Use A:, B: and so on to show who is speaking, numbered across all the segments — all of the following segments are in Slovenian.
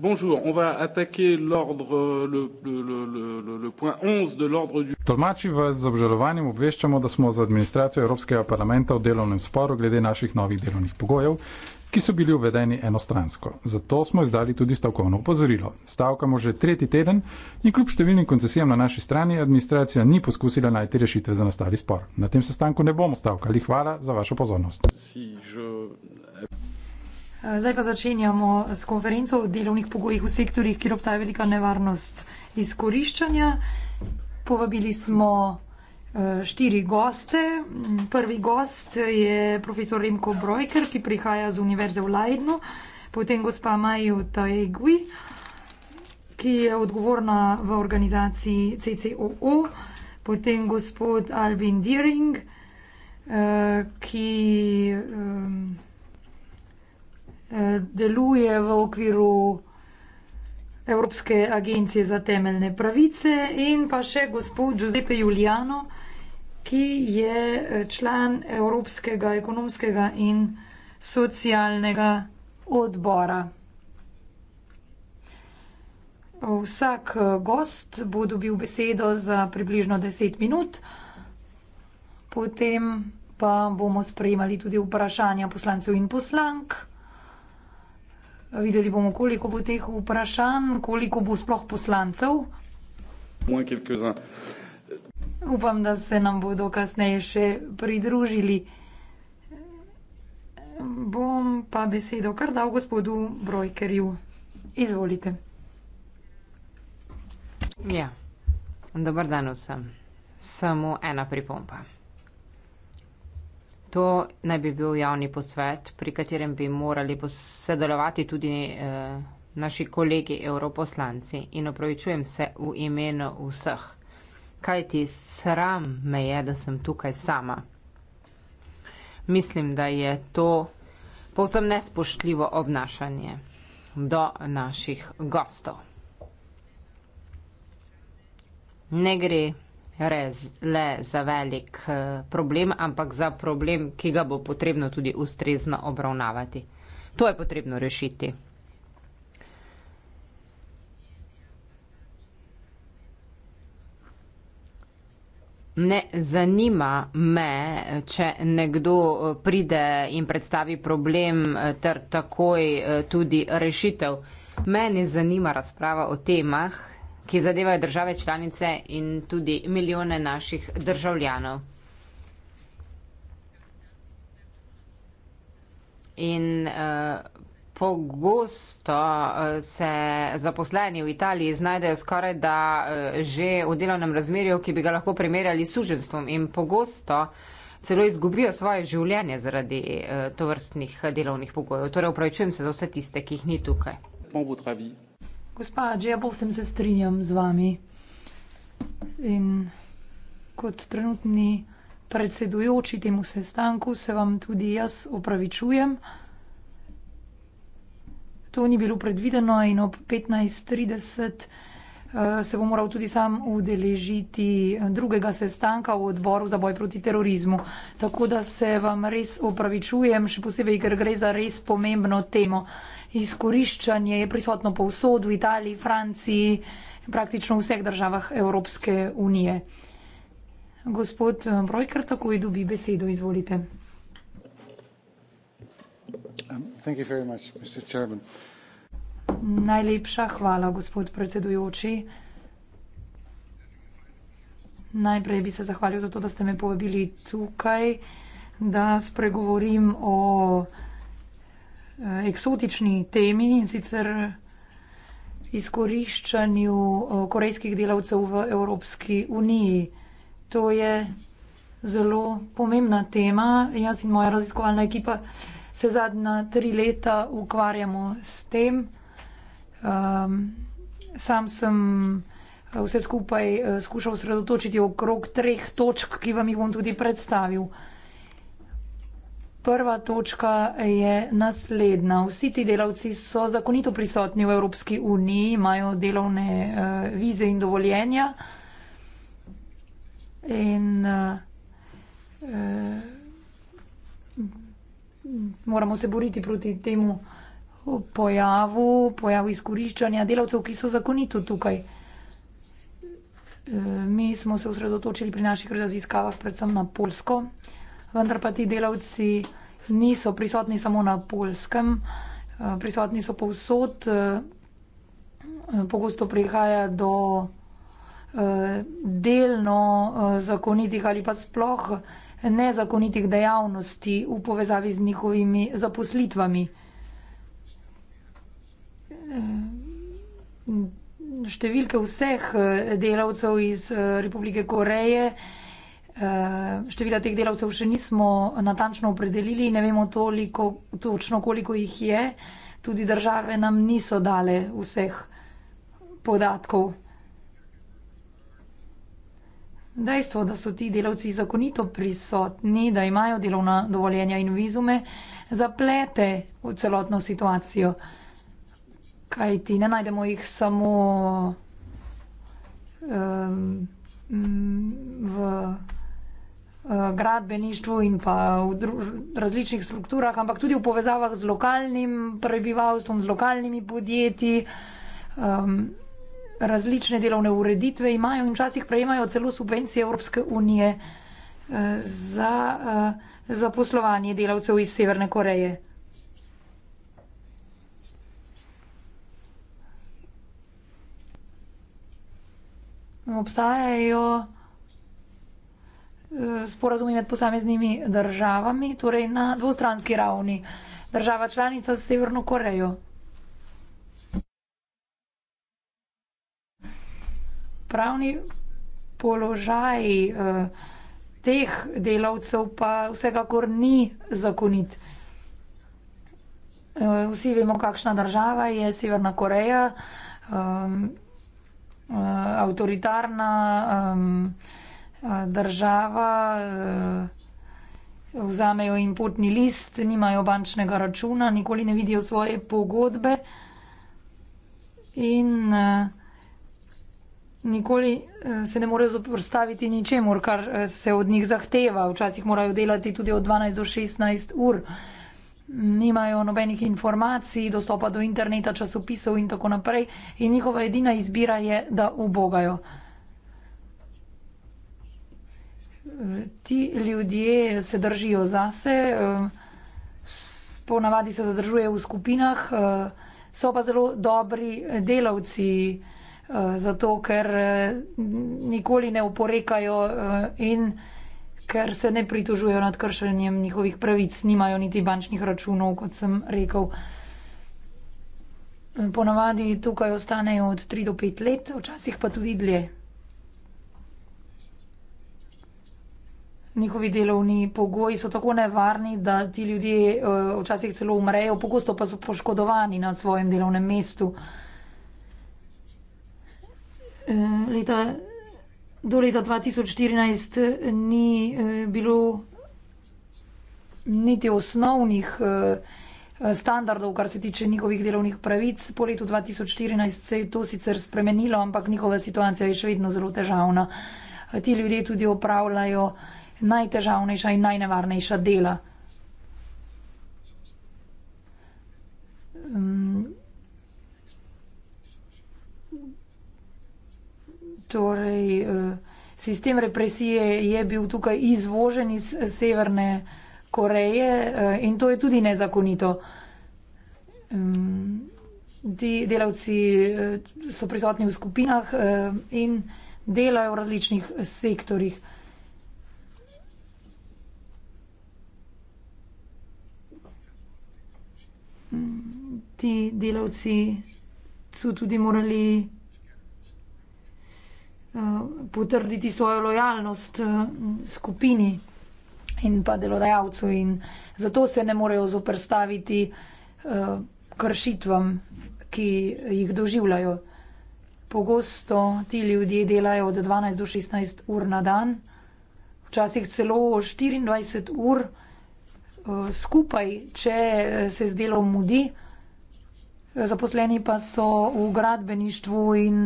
A: Bonjour, on va attaquer l'ordre, euh, le, le, le, le, le point 11 de l'ordre du... Tolmači vas z obžalovanjem obveščamo, da smo z administracijo Evropskega parlamenta v delovnem sporu glede naših novih delovnih pogojev, ki so bili uvedeni enostransko. Zato smo izdali tudi stavkovno upozorilo. Stavkamo že tretji teden in kljub številnim koncesijam na naši strani administracija ni poskusila najti rešitve za nastali spor. Na tem sestanku ne bomo stavkali. Hvala za vašo pozornost. Si, že...
B: Eh, zdaj pa začenjamo s konferenco o delovnih pogojih v sektorjih, kjer obstaja velika nevarnost izkoriščanja. Povabili smo eh, štiri goste. Mm, prvi gost je profesor Remko Brojker, ki prihaja z Univerze v Leidnu, potem gospa Maju Taegui, ki je odgovorna v organizaciji CCOO, potem gospod Albin Diering, eh, ki. Ehm, Eh, deluje v okviru Evropske agencije za temeljne pravice in pa še gospod Giuseppe Juliano, ki je eh, član Evropskega ekonomskega in socialnega odbora. Vsak eh, gost bo dobil besedo za približno 10 minut, potem pa bomo sprejemali tudi vprašanja poslancev in poslank. Videli bomo, koliko bo teh vprašanj, koliko bo sploh poslancev. Upam, da se nam bodo kasneje še pridružili. Bom pa besedo kar dal gospodu Brojkerju. Izvolite.
C: Ja, dober dan vsem. Samo ena pripomba. To naj bi bil javni posvet, pri katerem bi morali sodelovati tudi eh, naši kolegi europoslanci in opravičujem se v imenu vseh. Kaj ti sram me je, da sem tukaj sama? Mislim, da je to povsem nespoštljivo obnašanje do naših gostov. Ne gre res le za velik eh, problem, ampak za problem, ki ga bo potrebno tudi ustrezno obravnavati. To je potrebno rešiti. Ne zanima me, če nekdo eh, pride in predstavi problem eh, ter takoj tudi rešitev. Mene zanima razprava o temah, ki zadevajo države članice in tudi milijone naših državljanov. In uh, pogosto uh, se zaposleni v Italiji znajdejo skoraj da uh, že v delovnem razmerju, ki bi ga lahko primerjali s suženstvom in pogosto celo izgubijo svoje življenje zaradi uh, tovrstnih delovnih pogojev. Torej, upravičujem se za vse tiste, ki jih ni tukaj.
B: Gospa Adžija, povsem se strinjam z vami. In kot trenutni predsedujoči temu sestanku se vam tudi jaz opravičujem. To ni bilo predvideno in ob 15.30. Eh, se bo moral tudi sam udeležiti eh, drugega sestanka v odboru za boj proti terorizmu. Tako da se vam res opravičujem, še posebej, ker gre za res pomembno temo. Izkoriščanje je prisotno povsod v Italiji, Franciji, praktično v vseh državah Evropske unije. Gospod eh, Brojker, takoj dobi besedo, izvolite.
A: Hvala, gospod predsednik.
B: Najlepša hvala, gospod predsedujoči. Najprej bi se zahvalil za to, da ste me povabili tukaj, da spregovorim o eh, eksotični temi in sicer izkoriščanju eh, korejskih delavcev v Evropski uniji. To je zelo pomembna tema. Jaz in moja raziskovalna ekipa se zadnja tri leta ukvarjamo s tem. Um, sam sem eh, vse skupaj eh, skušal sredotočiti okrog treh točk, ki vam jih bom tudi predstavil. Prva točka je naslednja. Vsi ti delavci so zakonito prisotni v Evropski uniji, imajo delovne uh, vize in dovoljenja. In uh, uh, moramo se boriti proti temu, pojavu, pojavu izkoriščanja delavcev, ki so zakonito tukaj. E, mi smo se osredotočili pri naših raziskavah predvsem na Polsko, vendar pa ti delavci niso prisotni samo na Polskem, e, prisotni so povsod, e, pogosto prihaja do delno zakonitih ali pa sploh nezakonitih dejavnosti v povezavi z njihovimi zaposlitvami. Eh, številke vseh eh, delavcev iz eh, Republike Koreje. Števila teh delavcev še nismo natančno opredelili, ne vemo toliko, točno, koliko jih je. Tudi države nam niso dale vseh podatkov. Dejstvo, da so ti delavci zakonito prisotni, da imajo delovna dovoljenja in vizume, zaplete v celotno situacijo kaj ti ne najdemo jih samo um, v uh, gradbeništvu in pa v različnih strukturah, ampak tudi v povezavah z lokalnim prebivalstvom, z lokalnimi podjetji. Um, različne delovne ureditve imajo in včasih prejemajo celo subvencije Evropske unije uh, za, uh, za poslovanje delavcev iz Severne Koreje. obstajajo eh, sporazumi med posameznimi državami, torej na dvostranski ravni. Država članica s Severno Korejo. Pravni položaj eh, teh delavcev pa vsekakor ni zakonit. Eh, vsi vemo, kakšna država je Severna Koreja. Ehm, Eh, avtoritarna eh, država, eh, vzamejo jim potni list, nimajo bančnega računa, nikoli ne vidijo svoje pogodbe in nikoli se ne morejo zoprstaviti ničemur, kar se od njih zahteva. Včasih morajo delati tudi od 12 do 16 ur nimajo nobenih informacij, dostopa do interneta, časopisov in tako naprej, in njihova edina izbira je, da ubogajo. Ti ljudje se držijo zase, eh, ponavadi se zadržujejo v skupinah, eh, so pa zelo dobri delavci, eh, zato ker nikoli ne uporekajo in vsega, ker se ne pritožujejo nad kršenjem njihovih pravic, nimajo niti bančnih računov, kot sem rekel. Ponavadi tukaj ostanejo od 3 do 5 let, včasih pa tudi dlje. Njihovi delovni pogoji so tako nevarni, da ti ljudje eh, včasih celo umrejo, pogosto pa so poškodovani na svojem delovnem mestu. Eh, leta do leta 2014 eh, ni eh, bilo niti osnovnih eh, standardov, kar se tiče njihovih delovnih pravic. Po letu 2014 se je to sicer spremenilo, ampak njihova situacija je še vedno zelo težavna. Ti ljudje tudi opravljajo najtežavnejša in najnevarnejša dela. Mm. Torej, sistem represije je bil tukaj izvožen iz eh, Severne Koreje eh, in to je tudi nezakonito. Ti delavci eh, so prisotni v skupinah in delajo v različnih sektorjih. Ti delavci so tudi morali potrditi svojo lojalnost eh, skupini in pa delodajalcu, in zato se ne morejo zoprstaviti eh, kršitvam, ki jih doživljajo. Pogosto ti ljudje delajo od 12 do 16 ur na dan, včasih celo 24 ur eh, skupaj, če se z delom mudi, zaposleni pa so v gradbeništvu in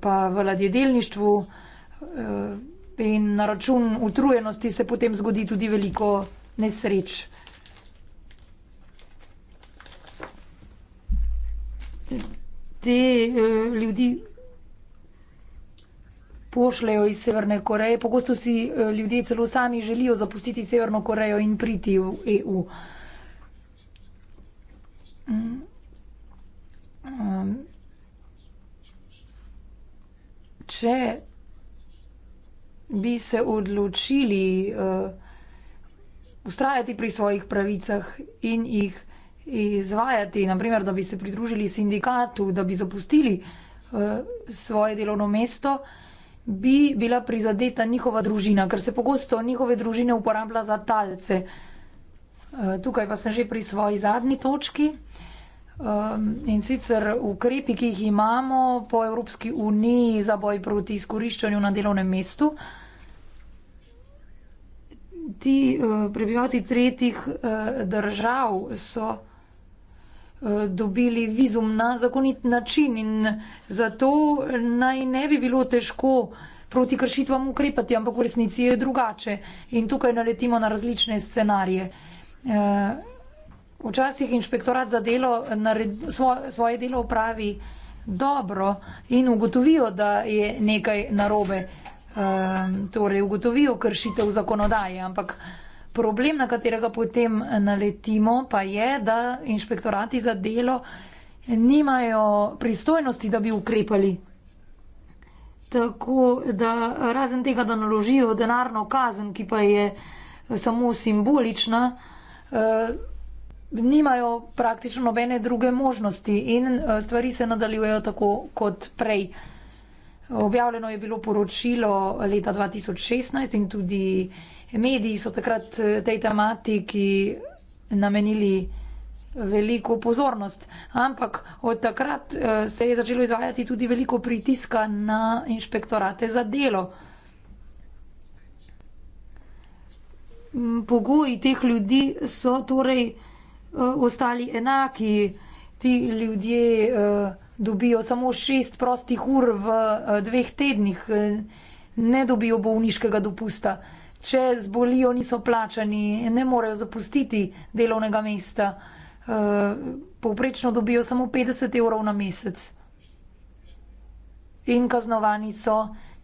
B: pa v ladjedelništvu eh, in na račun utrujenosti se potem zgodi tudi veliko nesreč. Te eh, ljudi pošljajo iz Severne Koreje, pogosto si eh, ljudje celo sami želijo zapustiti Severno Korejo in priti v EU. Um, mm. mm če bi se odločili uh, eh, ustrajati pri svojih pravicah in jih izvajati, naprimer, da bi se pridružili sindikatu, da bi zapustili uh, svoje delovno mesto, bi bila prizadeta njihova družina, ker se pogosto njihove družine uporablja za talce. Uh, tukaj pa sem že pri svoji zadnji točki. Uh, In sicer ukrepi, ki jih imamo po Evropski uniji za boj proti izkoriščanju na delovnem mestu, ti eh, prebivalci tretjih eh, držav so eh, dobili vizum na zakonit način in zato naj ne bi bilo težko proti kršitvam ukrepati, ampak v resnici je drugače. In tukaj naletimo na različne scenarije včasih inšpektorat za delo naredi, svoje, svoje delo upravi dobro in ugotovijo, da je nekaj narobe, um, torej ugotovijo kršitev zakonodaje, ampak problem, na katerega potem naletimo, pa je, da inšpektorati za delo nimajo pristojnosti, da bi ukrepali. Tako da razen tega, da naložijo denarno kazen, ki pa je samo simbolična, uh, nimajo praktično nobene druge možnosti in eh, stvari se nadaljujejo tako kot prej. Objavljeno je bilo poročilo leta 2016 in tudi mediji so takrat eh, tej tematiki namenili veliko pozornost. Ampak od takrat eh, se je začelo izvajati tudi veliko pritiska na inšpektorate za delo. Mm, pogoji teh ljudi so torej Eh, ostali enaki, ti ljudje eh, dobijo samo šest prostih ur v eh, dveh tednih, ne dobijo bolniškega dopusta. Če zbolijo, niso plačani, ne morejo zapustiti delovnega mesta. Povprečno dobijo samo 50 evrov na mesec. In kaznovani so,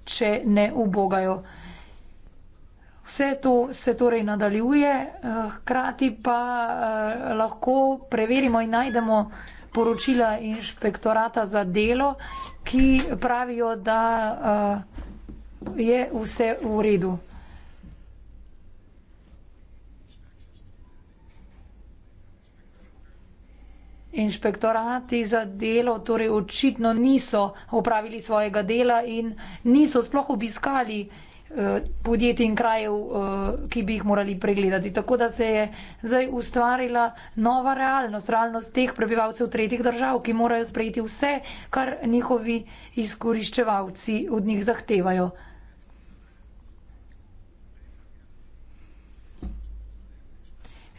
B: če ne ubogajo. Vse to se torej nadaljuje, eh, hkrati pa eh, lahko preverimo in najdemo poročila inšpektorata za delo, ki pravijo, da eh, je vse v redu. Inšpektorati za delo torej očitno niso opravili svojega dela in niso sploh obiskali podjetij in krajev, eh, ki bi jih morali pregledati. Tako da se je zdaj ustvarila nova realnost, realnost teh prebivalcev tretjih držav, ki morajo sprejeti vse, kar njihovi izkoriščevalci od njih zahtevajo.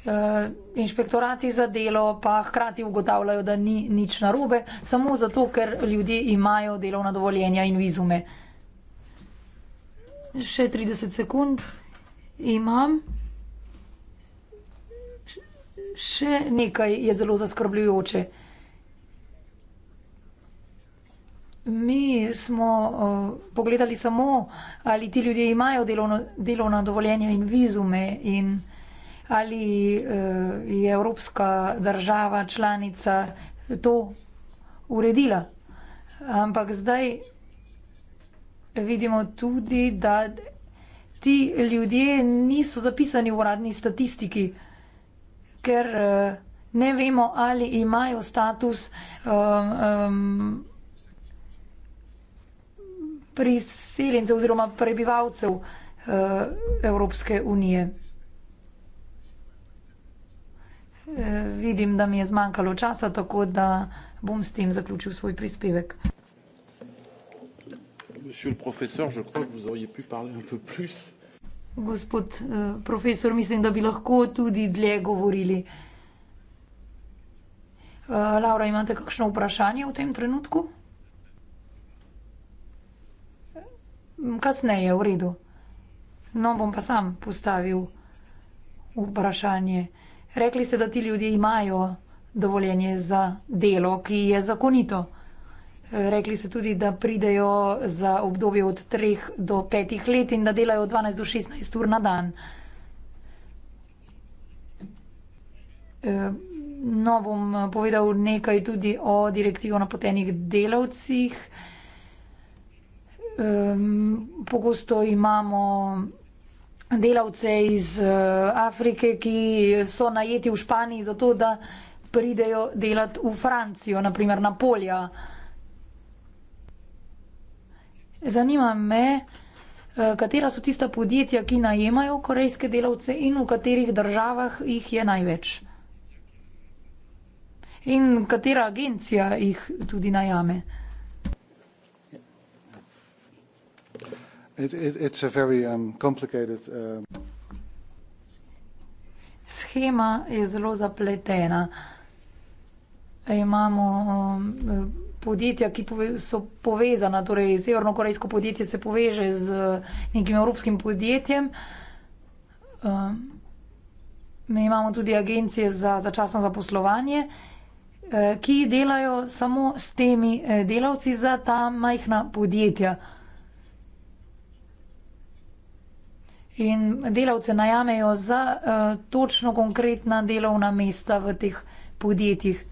B: Eh, inšpektorati za delo pa hkrati ugotavljajo, da ni nič narobe, samo zato, ker ljudje imajo delovna dovoljenja in vizume še trideset sekund. Imam. Še nekaj je zelo zaskrbljujoče. Mi smo uh, pogledali samo, ali ti ljudje imajo delovno, delovna dovoljenja in vizume in ali uh, je Evropska država članica to uredila. Ampak zdaj vidimo tudi, da ti ljudje niso zapisani v uradni statistiki, ker eh, ne vemo, ali imajo status um, um, priseljencev oziroma prebivalcev uh, Evropske unije. Vidim, da mi je zmanjkalo časa, tako da bom s tem zaključil svoj prispevek.
A: Monsieur le professeur, je crois que vous auriez pu parler un peu plus.
B: Gospod uh, profesor, mislim, da bi lahko tudi dlje govorili. Uh, Laura, imate kakšno vprašanje v tem trenutku? Mm, kasneje, v redu. No, bom pa sam postavil vprašanje. Rekli ste, da ti ljudje imajo dovoljenje za delo, ki je zakonito. Rekli ste tudi, da pridejo za obdobje od 3 do 5 let in da delajo 12 do 16 ur na dan. E, no, bom povedal nekaj tudi o direktivo napotenih delavcih. E, pogosto imamo delavce iz e, Afrike, ki so najeti v Španiji zato, da pridejo delati v Francijo, naprimer na polja. Zanima me, eh, katera so tista podjetja, ki najemajo korejske delavce in v katerih državah jih je največ. In katera agencija jih tudi najame.
A: It, it, very, um, uh...
B: Schema je zelo zapletena. Imamo. Um, podjetja, ki so povezana, torej severno-korejsko podjetje se poveže z nekim evropskim podjetjem. Ehm, mi imamo tudi agencije za začasno zaposlovanje, eh, ki delajo samo s temi eh, delavci za ta majhna podjetja. In delavce najamejo za uh, točno konkretna delovna mesta v teh podjetjih.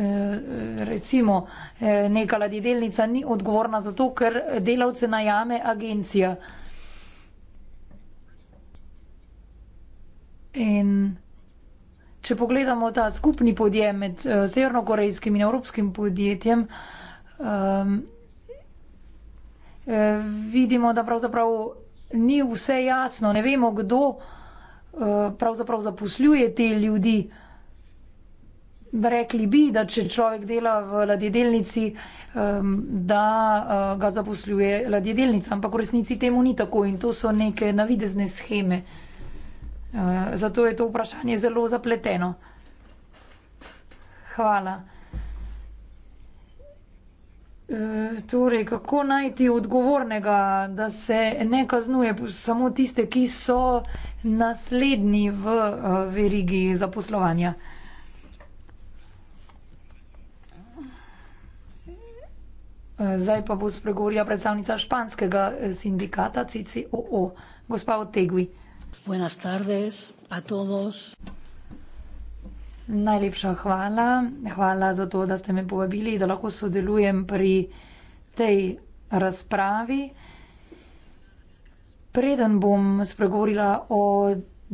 B: Eh, recimo eh, neka ladjedelnica ni odgovorna za to, ker delavce najame agencija. In če pogledamo ta skupni podjem med eh, severnokorejskim in evropskim podjetjem, um, vidimo, da pravzaprav ni vse jasno. Ne vemo, kdo uh, pravzaprav zaposljuje te ljudi. Uh, Rekli bi, da če človek dela v ladjedelnici, da eh, ga zaposluje ladjedelnica, ampak v resnici temu ni tako in to so neke navidezne scheme. Eh, zato je to vprašanje zelo zapleteno. Hvala. Eh, torej, kako najti odgovornega, da se ne kaznuje samo tiste, ki so naslednji v verigi zaposlovanja? Zdaj pa bo spregovorila predstavnica španskega eh, sindikata CCOO, gospa Otegui. Buenas tardes a todos. Najlepša hvala. Hvala za to, da ste me povabili, da lahko sodelujem pri tej razpravi. Preden bom spregovorila o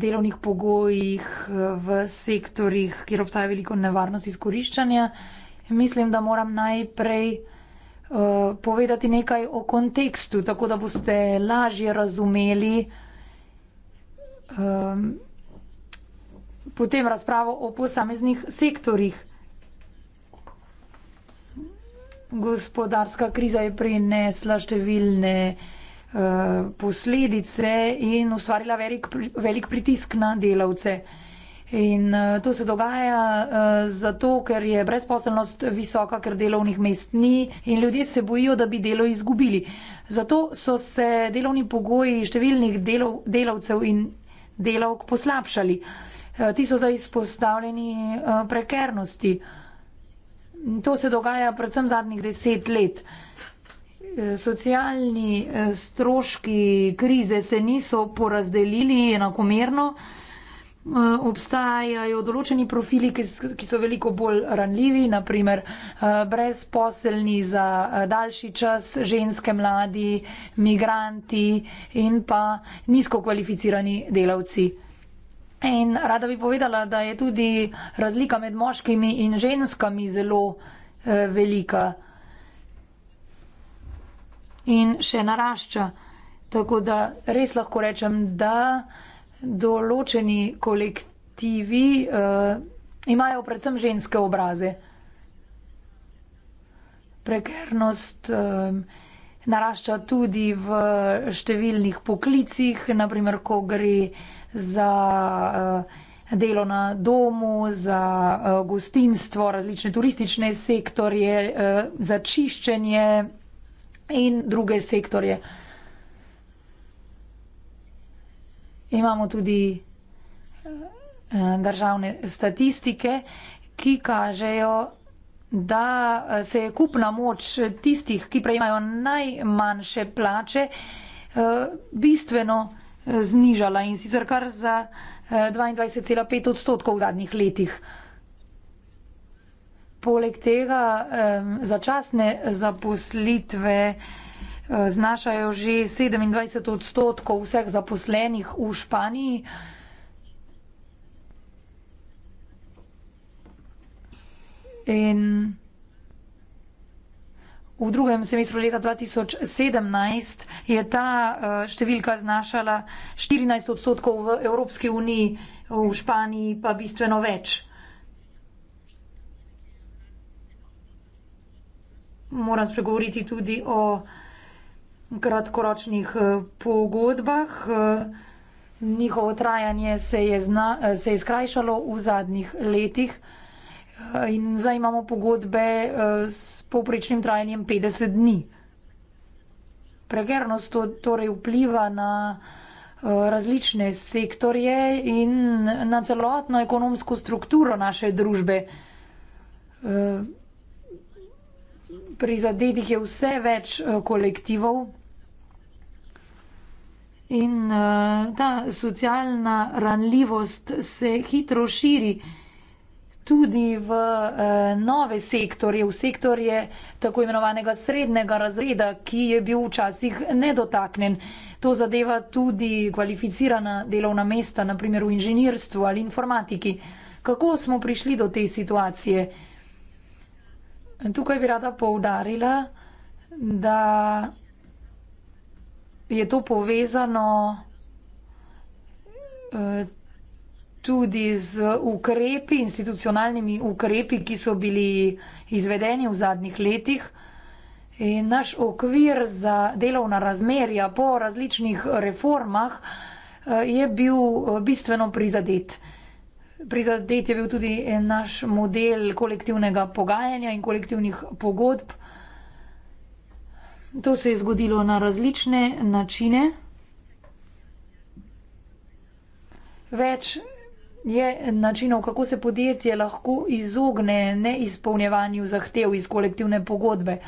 B: delovnih pogojih eh, v sektorjih, kjer obstaja veliko nevarnost izkoriščanja, mislim, da moram najprej Eh, povedati nekaj o kontekstu, tako da boste lažje razumeli um, potem razpravo o posameznih sektorjih. Gospodarska kriza je prinesla številne uh, posledice in ustvarila velik, velik pritisk na delavce. Uh, In eh, to se dogaja eh, zato, ker je brezposelnost visoka, ker delovnih mest ni in ljudje se bojijo, da bi delo izgubili. Zato so se delovni pogoji številnih delov, delavcev in delavk poslabšali. Eh, ti so zdaj izpostavljeni prekernosti. To se dogaja predvsem zadnjih deset let. Socialni stroški krize se niso porazdelili enakomerno. Eh, obstajajo določeni profili, ki so veliko bolj ranljivi, naprimer eh, brezposelni za eh, daljši čas, ženske mladi, migranti in pa nizko kvalificirani delavci. In rada bi povedala, da je tudi razlika med moškimi in ženskami zelo velika in še narašča. Tako da res lahko rečem, da določeni kolektivi uh, imajo predvsem ženske obraze. Prekernost uh, narašča tudi v številnih poklicih, naprimer, ko gre za uh, delo na domu, za uh, gostinstvo, različne turistične sektorje, uh, za čiščenje in druge sektorje. Uh, imamo tudi eh, državne statistike, ki kažejo, da eh, se je kupna moč tistih, ki prejmajo najmanjše plače, eh, bistveno znižala in sicer kar za 22,5 odstotkov v zadnjih letih. Poleg tega začasne zaposlitve vsega, Eh, znašajo že 27 odstotkov vseh zaposlenih v Španiji. In v drugem semestru leta 2017 je ta eh, številka znašala 14 odstotkov v Evropski uniji, v Španiji pa bistveno več. Moram spregovoriti tudi o kratkoročnih eh, pogodbah. Eh, njihovo trajanje se je, zna, eh, se je skrajšalo v zadnjih letih in zdaj imamo pogodbe s povprečnim trajanjem 50 dni. Pregernost to, torej vpliva na različne sektorje in na celotno ekonomsko strukturo naše družbe prizadetih je vse več eh, kolektivov in eh, ta socialna ranljivost se hitro širi tudi v eh, nove sektorje, v sektorje tako imenovanega srednjega razreda, ki je bil včasih nedotaknen. To zadeva tudi kvalificirana delovna mesta, naprimer v inženirstvu ali informatiki. Kako smo prišli do te situacije? Kako smo prišli do te situacije? Tukaj bi rada poudarila, da je to povezano eh, tudi z ukrepi, institucionalnimi ukrepi, ki so bili izvedeni v zadnjih letih. In naš okvir za delovna razmerja po različnih reformah eh, je bil eh, bistveno prizadet. Prizadet je bil tudi eh, naš model kolektivnega pogajanja in kolektivnih pogodb. To se je zgodilo na različne načine. Več je načinov, kako se podjetje lahko izogne neizpolnjevanju zahtev iz kolektivne pogodbe.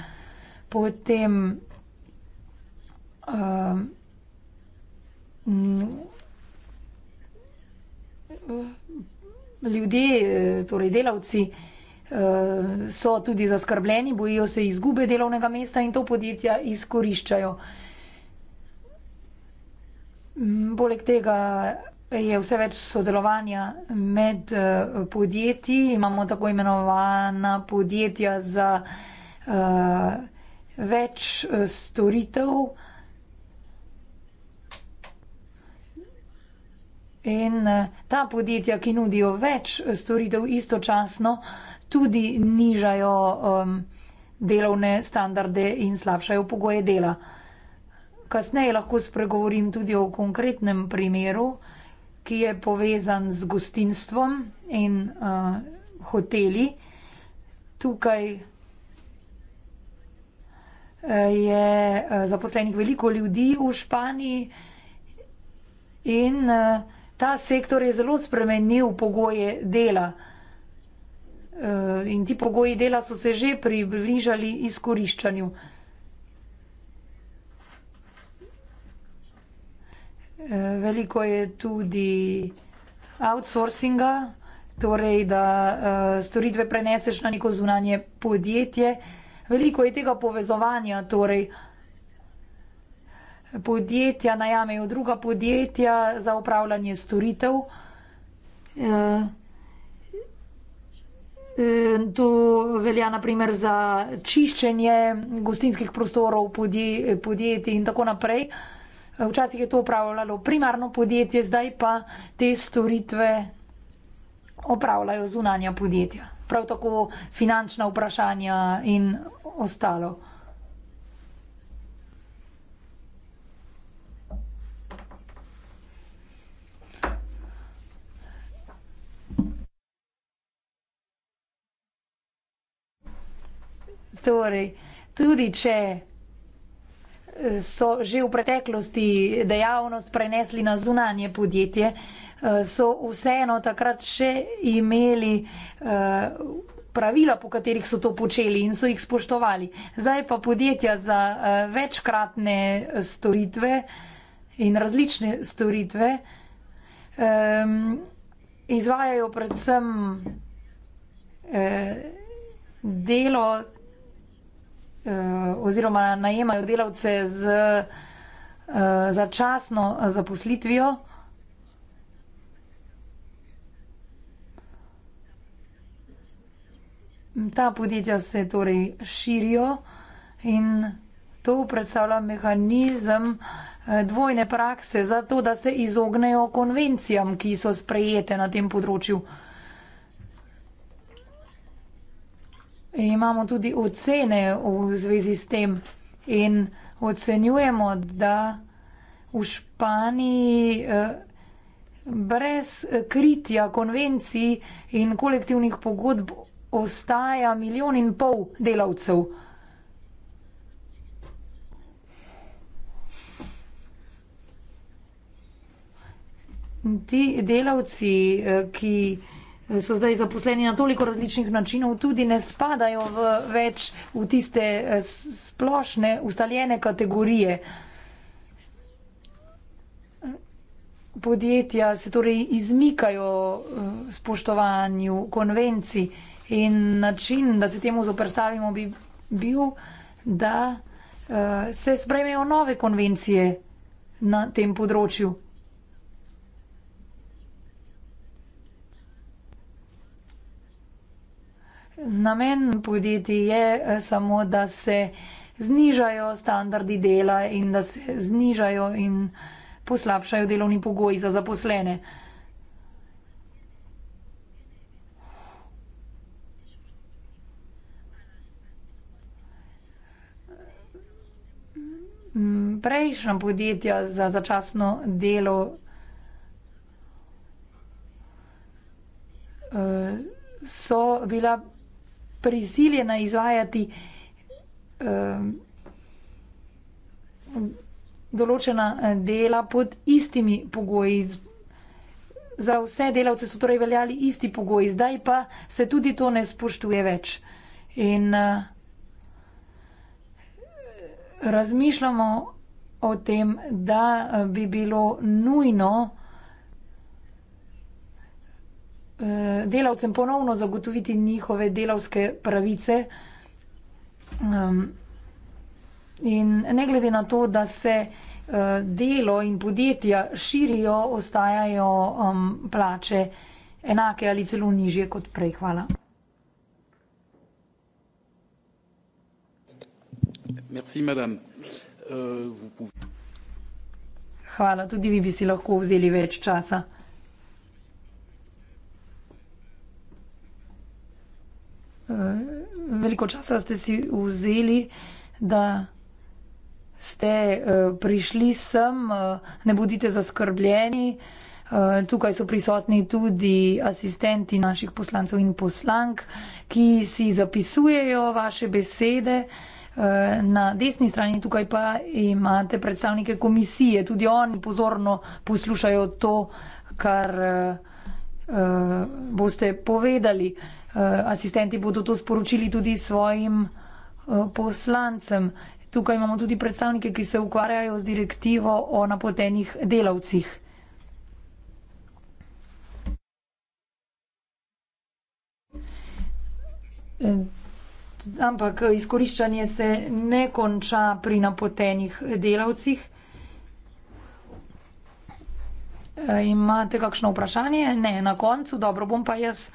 B: Potem uh, ljudje, eh, torej delavci, eh, so tudi zaskrbljeni, bojijo se izgube delovnega mesta in to podjetja izkoriščajo. Mm, poleg tega je vse več sodelovanja med eh, podjetji, imamo tako imenovana podjetja za uh, več storitev. In eh, ta podjetja, ki nudijo več eh, storitev istočasno, tudi nižajo um, delovne standarde in slabšajo pogoje dela. Kasneje lahko spregovorim tudi o konkretnem primeru, ki je povezan z gostinstvom in uh, hoteli. Tukaj je zaposlenih veliko ljudi v Španiji in uh, ta sektor je zelo spremenil pogoje dela. Eh, in ti pogoji dela so se že približali izkoriščanju. Eh, veliko je tudi outsourcinga, torej da eh, storitve preneseš na neko zunanje podjetje. Veliko je tega povezovanja, torej podjetja, najamejo druga podjetja za upravljanje storitev. Eh, eh, to velja naprimer za čiščenje gostinskih prostorov podjetij in tako naprej. Včasih je to upravljalo primarno podjetje, zdaj pa te storitve opravljajo zunanja podjetja. Prav tako finančna vprašanja in ostalo. Torej, tudi če eh, so že v preteklosti dejavnost prenesli na zunanje podjetje, eh, so vseeno takrat še imeli eh, pravila, po katerih so to počeli in so jih spoštovali. Zdaj pa podjetja za večkratne storitve in različne storitve ehm, izvajajo predvsem delo Eh, oziroma najemajo delavce z eh, začasno zaposlitvijo. Ta podjetja se torej širijo in to predstavlja mehanizem eh, dvojne prakse za to, da se izognejo konvencijam, ki so sprejete na tem področju. imamo tudi ocene v zvezi s tem in ocenjujemo, da v Španiji eh, brez kritja konvencij in kolektivnih pogodb ostaja milijon in pol delavcev. Ti delavci, eh, ki so zdaj zaposleni na toliko različnih načinov, tudi ne spadajo v več v tiste eh, splošne, ustaljene kategorije. Podjetja se torej izmikajo eh, spoštovanju konvencij in način, da se temu zoprstavimo, bi bil, da eh, se sprejmejo nove konvencije na tem področju. namen podjetij je eh, samo, da se znižajo standardi dela in da se znižajo in poslabšajo delovni pogoji za zaposlene. Prejšnja podjetja za začasno delo eh, so bila prisiljena izvajati eh, določena eh, dela pod istimi pogoji. Za vse delavce so torej veljali isti pogoji, zdaj pa se tudi to ne spoštuje več. In eh, razmišljamo o tem, da eh, bi bilo nujno, Eh, delavcem ponovno zagotoviti njihove delavske pravice. Um, in ne glede na to, da se uh, delo in podjetja širijo, ostajajo um, plače enake ali celo nižje kot prej. Hvala.
A: Merci, uh, vous...
B: Hvala, tudi vi bi si lahko vzeli več časa. Eh, veliko časa ste si vzeli, da ste eh, prišli sem, eh, ne bodite zaskrbljeni. Tukaj so prisotni tudi asistenti naših poslancev in poslank, ki si zapisujejo vaše besede. Na desni strani tukaj pa imate predstavnike komisije, tudi oni pozorno poslušajo to, kar boste povedali. Eh, asistenti bodo to sporočili tudi svojim eh, poslancem. Tukaj imamo tudi predstavnike, ki se ukvarjajo z direktivo o napotenih delavcih. Eh, ampak izkoriščanje se ne konča pri napotenih delavcih. Imate kakšno vprašanje? Ne, na koncu. Dobro, bom pa jaz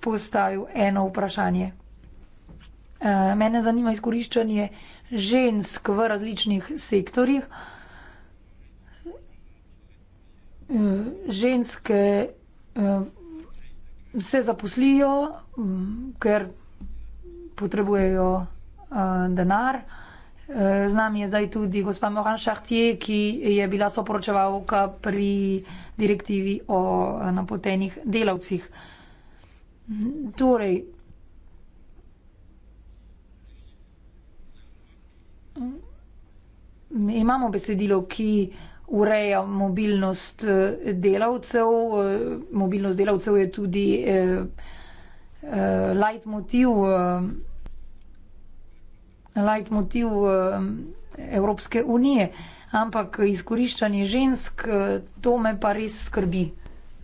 B: postavil eno vprašanje. E, mene zanima izkoriščanje žensk v različnih sektorjih. E, ženske e, se zaposlijo, ker potrebujejo denar. Z nami je zdaj tudi gospa Mohan Šahtje, ki je bila soporočevalka pri direktivi o napotenih delavcih. Torej, imamo besedilo, ki ureja mobilnost eh, delavcev. Eh, mobilnost delavcev je tudi eh, leitmotiv, leitmotiv Evropske unije. Ampak izkoriščanje žensk, to me pa res skrbi.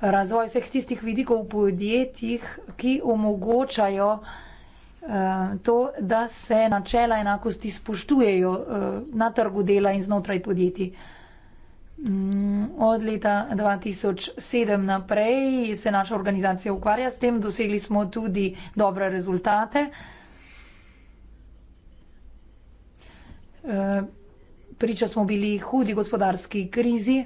B: razvoj vseh tistih vidikov v podjetjih, ki omogočajo eh, to, da se načela enakosti spoštujejo eh, na trgu dela in znotraj podjetij. Mm, od leta 2007 naprej se naša organizacija ukvarja s tem, dosegli smo tudi dobre rezultate. Eh, priča smo bili hudi gospodarski krizi.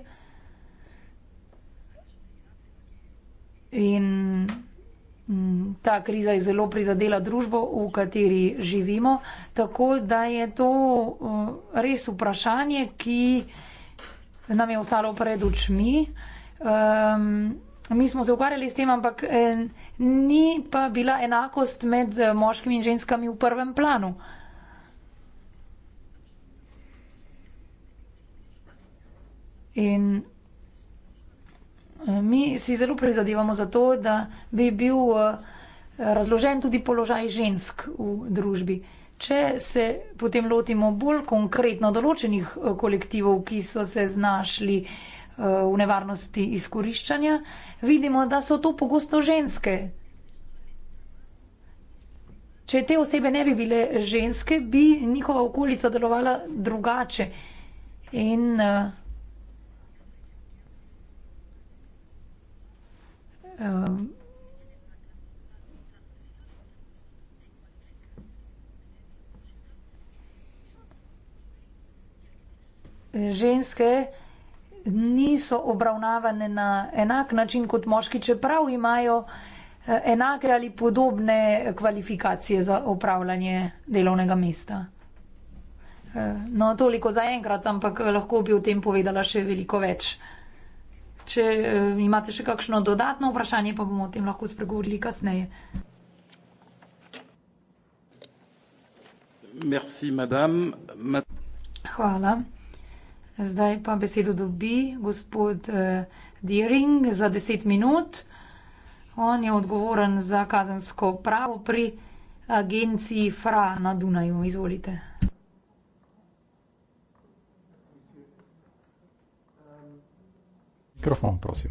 B: In m, mm, ta kriza je zelo prizadela družbo, v kateri živimo. Tako da je to eh, res vprašanje, ki nam je ostalo pred očmi. Um, mi smo se ukvarjali s tem, ampak eh, ni pa bila enakost med eh, moškimi in ženskami v prvem planu. In Mi si zelo prizadevamo za to, da bi bil eh, razložen tudi položaj žensk v družbi. Če se potem lotimo bolj konkretno določenih eh, kolektivov, ki so se znašli eh, v nevarnosti izkoriščanja, vidimo, da so to pogosto ženske. Če te osebe ne bi bile ženske, bi njihova okolica delovala drugače. In uh, Ehm, ženske niso obravnavane na enak način kot moški, čeprav imajo eh, enake ali podobne kvalifikacije za upravljanje delovnega mesta. Ehm, no, toliko zaenkrat, ampak eh, lahko bi o tem povedala še veliko več. Če uh, imate še kakšno dodatno vprašanje, pa bomo o tem lahko spregovorili kasneje.
A: Merci, madame. Ma...
B: Hvala. Zdaj pa besedo dobi gospod uh, eh, Diering za deset minut. On je odgovoren za kazensko pravo pri agenciji FRA na Dunaju. Izvolite.
A: mikrofon, prosim.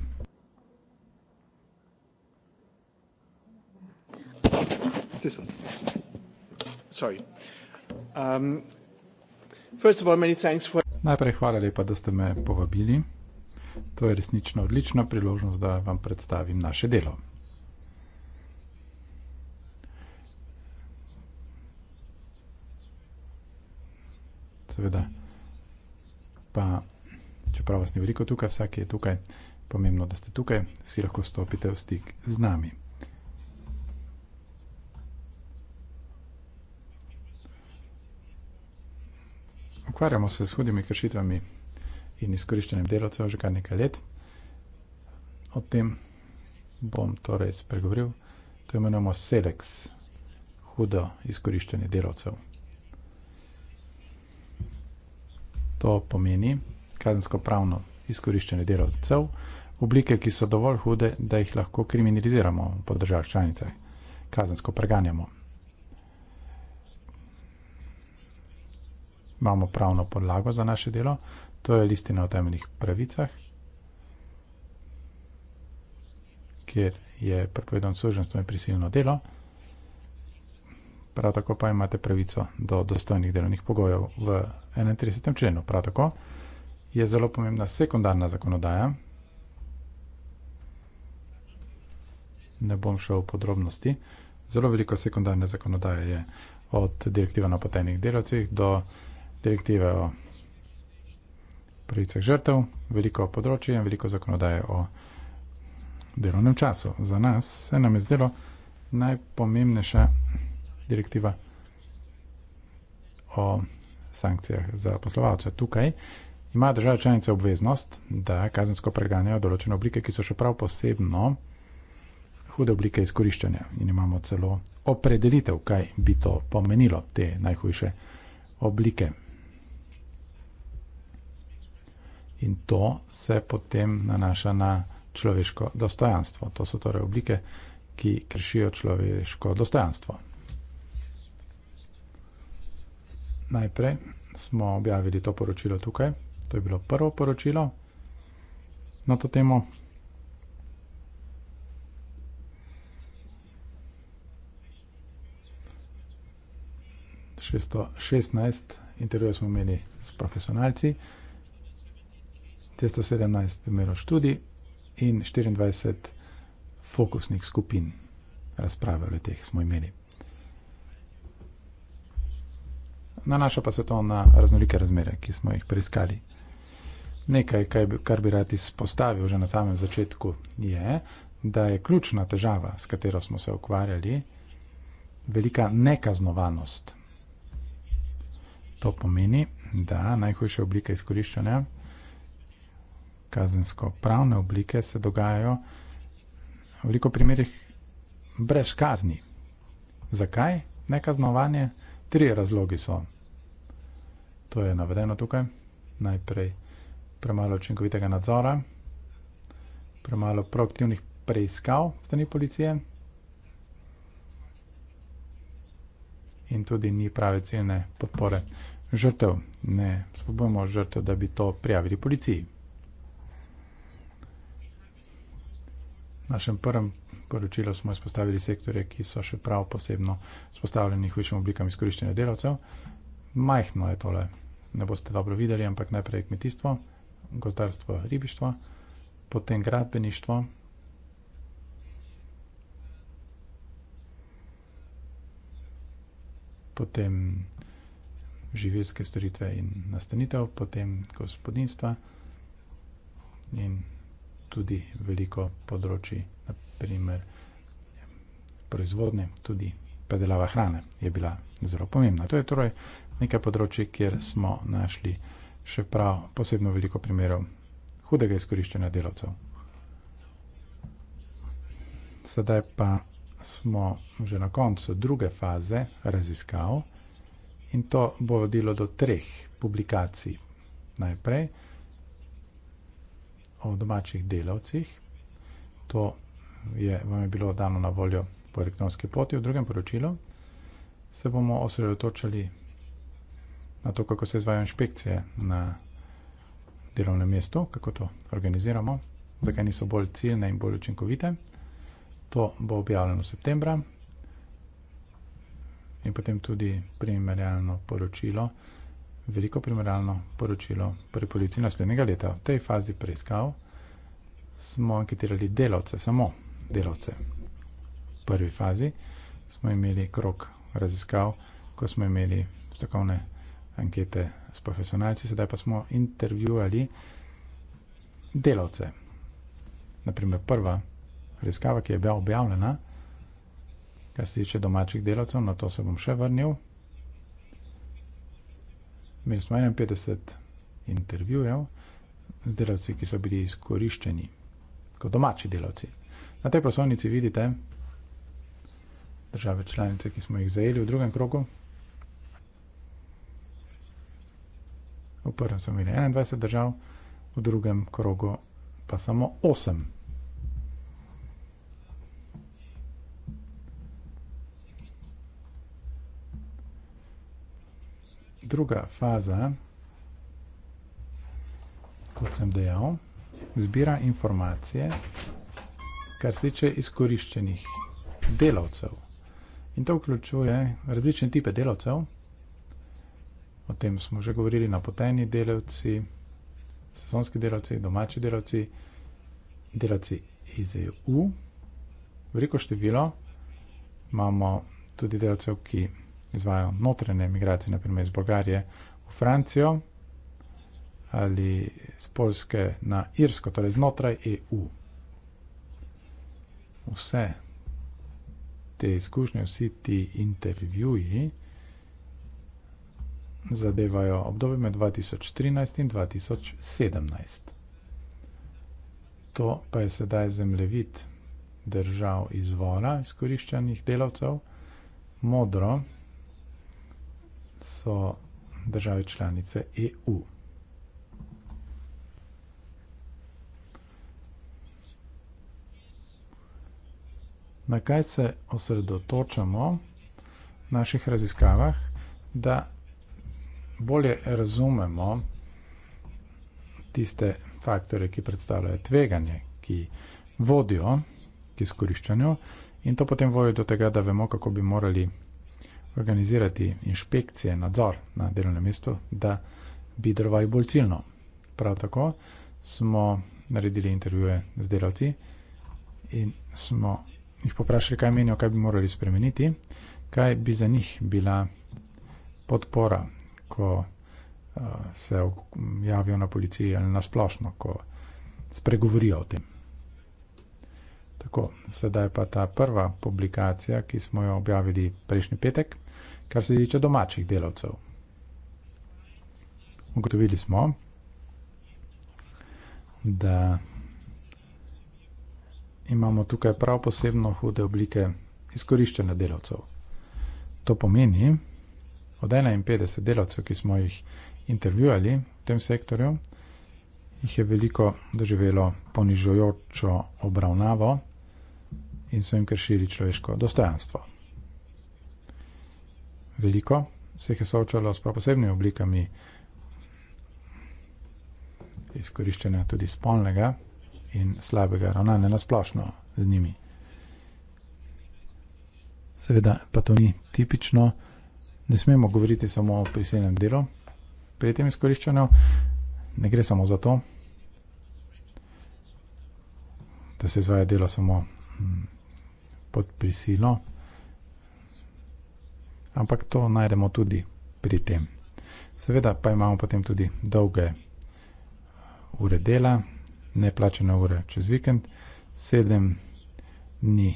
A: Um, Najprej hvala lepa, da ste me povabili. To je resnično odlična priložnost, da vam predstavim naše delo. Seveda pa čeprav vas ni veliko tukaj, vsak je tukaj, pomembno, da ste tukaj, si lahko stopite v stik z nami. Ukvarjamo se s hudimi kršitvami in izkoriščenjem delavcev že kar nekaj let. O tem bom torej spregovoril. To imenujemo Selex, hudo izkoriščenje delavcev. To pomeni, kazensko pravno izkoriščanje delavcev, oblike, ki so dovolj hude, da jih lahko kriminaliziramo po državah članicah, kazensko preganjamo. Imamo pravno podlago za naše delo, to je listina o temeljnih pravicah, kjer je prepovedano služenstvo in prisilno delo. Prav tako pa imate pravico do dostojnih delovnih pogojev v 31. členu. Prav tako je zelo pomembna sekundarna zakonodaja. Ne bom šel v podrobnosti. Zelo veliko sekundarne zakonodaje je od direktive na potenih delavcih do direktive o pravicah žrtev, veliko področje in veliko zakonodaje o delovnem času. Za nas se nam je zdelo najpomembnejša direktiva o sankcijah za poslovalce. Tukaj Ima država članica obveznost, da kazensko preganjajo določene oblike, ki so še prav posebno hude oblike izkoriščanja. In imamo celo opredelitev, kaj bi to pomenilo, te najhujše oblike. In to se potem nanaša na človeško dostojanstvo. To so torej oblike, ki kršijo človeško dostojanstvo. Najprej smo objavili to poročilo tukaj. To je bilo prvo poročilo na to temo. Šesto šestnaest intervjuje smo imeli s profesionalci, testo sedemnaest primerov študij in štiriindvajset fokusnih skupin razprave o teh smo imeli. Nanaša pa se to na raznolike razmere, ki smo jih preiskali nekaj, kaj, kar bi rad izpostavil že na samem začetku, je, da je ključna težava, s katero smo se ukvarjali, velika nekaznovanost. To pomeni, da najhujše oblike izkoriščanja, kazensko-pravne oblike, se dogajajo v veliko primerih brez kazni. Zakaj nekaznovanje? Tri razlogi so. To je navedeno tukaj. Najprej premalo učinkovitega nadzora, premalo proaktivnih preiskav strani policije in tudi ni prave ciljne podpore žrtev. Ne spodbujemo žrtev, da bi to prijavili policiji. V našem prvem poročilu smo izpostavili sektorje, ki so še prav posebno spostavljeni hujšim oblikam izkoriščenja delavcev. Majhno je tole. Ne boste dobro videli, ampak najprej kmetijstvo. kmetijstvo gozdarstvo, ribištvo, potem gradbeništvo, potem živilske storitve in nastanitev, potem gospodinstva in tudi veliko področji, naprimer proizvodne, tudi predelava hrane je bila zelo pomembna. To je torej nekaj področje, kjer smo našli še prav posebno veliko primerov hudega izkoriščanja delavcev. Sedaj pa smo že na koncu druge faze raziskav in to bo vodilo do treh publikacij. Najprej o domačih delavcih. To je, vam je bilo dano na voljo po elektronski poti v drugem poročilu. Se bomo osredotočali na na to, kako se izvajo inšpekcije na delovnem mestu, kako to organiziramo, zakaj niso bolj ciljne in bolj učinkovite. To bo objavljeno v septembra in potem tudi primerjalno poročilo, veliko primerjalno poročilo pri policiji naslednjega leta. V tej fazi preiskav smo anketirali delavce, samo delavce. V prvi fazi smo imeli krok raziskav, ko smo imeli strokovne ankete s profesionalci, sedaj pa smo intervjuvali delavce. Naprimer, prva raziskava, ki je bila objavljena, kar se tiče domačih delavcev, na to se bom še vrnil. Imeli smo 51 intervjujev z delavci, ki so bili izkoriščeni kot domači delavci. Na tej poslovnici vidite države članice, ki smo jih zajeli v drugem krogu. V prvem so imeli 21 držav, v drugem krogu pa samo 8. Druga faza, kot sem dejal, zbira informacije, kar se tiče izkoriščenih delavcev. In to vključuje različne tipe delavcev. O tem smo že govorili, napoteni delavci, sezonski delavci, domači delavci, delavci iz EU. Veliko število imamo tudi delavcev, ki izvajo notrene migracije, naprimer iz Bolgarije v Francijo ali iz Polske na Irsko, torej znotraj EU. Vse te izkušnje, vsi ti intervjuji zadevajo obdobje med 2013 in 2017. To pa je sedaj zemljevid držav izvora izkoriščanih delavcev. Modro so države članice EU. Na kaj se osredotočamo v naših raziskavah, da bolje razumemo tiste faktore, ki predstavljajo tveganje, ki vodijo k izkoriščanju in to potem vodi do tega, da vemo, kako bi morali organizirati inšpekcije, nadzor na delovnem mestu, da bi drvali bolj ciljno. Prav tako smo naredili intervjuje z delavci in smo jih poprašali, kaj menijo, kaj bi morali spremeniti, kaj bi za njih bila podpora ko uh, se javijo na policiji ali nasplošno, ko spregovorijo o tem. Tako, sedaj pa ta prva publikacija, ki smo jo objavili prejšnji petek, kar se tiče domačih delavcev. Ugotovili smo, da imamo tukaj prav posebno hude oblike izkoriščanja delavcev. To pomeni, od 51 delavcev, ki smo jih intervjuvali v tem sektorju, jih je veliko doživelo ponižujočo obravnavo in so jim kršili človeško dostojanstvo. Veliko se jih je soočalo s posebnimi oblikami izkoriščanja tudi spolnega in slabega ravnanja na splošno z njimi. Seveda pa to ni tipično ne smemo govoriti samo o priseljenem delu, pri tem izkoriščanju, ne gre samo za to, da se izvaja delo samo hm, pod prisilo, ampak to najdemo tudi pri tem. Seveda pa imamo potem tudi dolge ure dela, neplačene ure čez vikend, sedem dni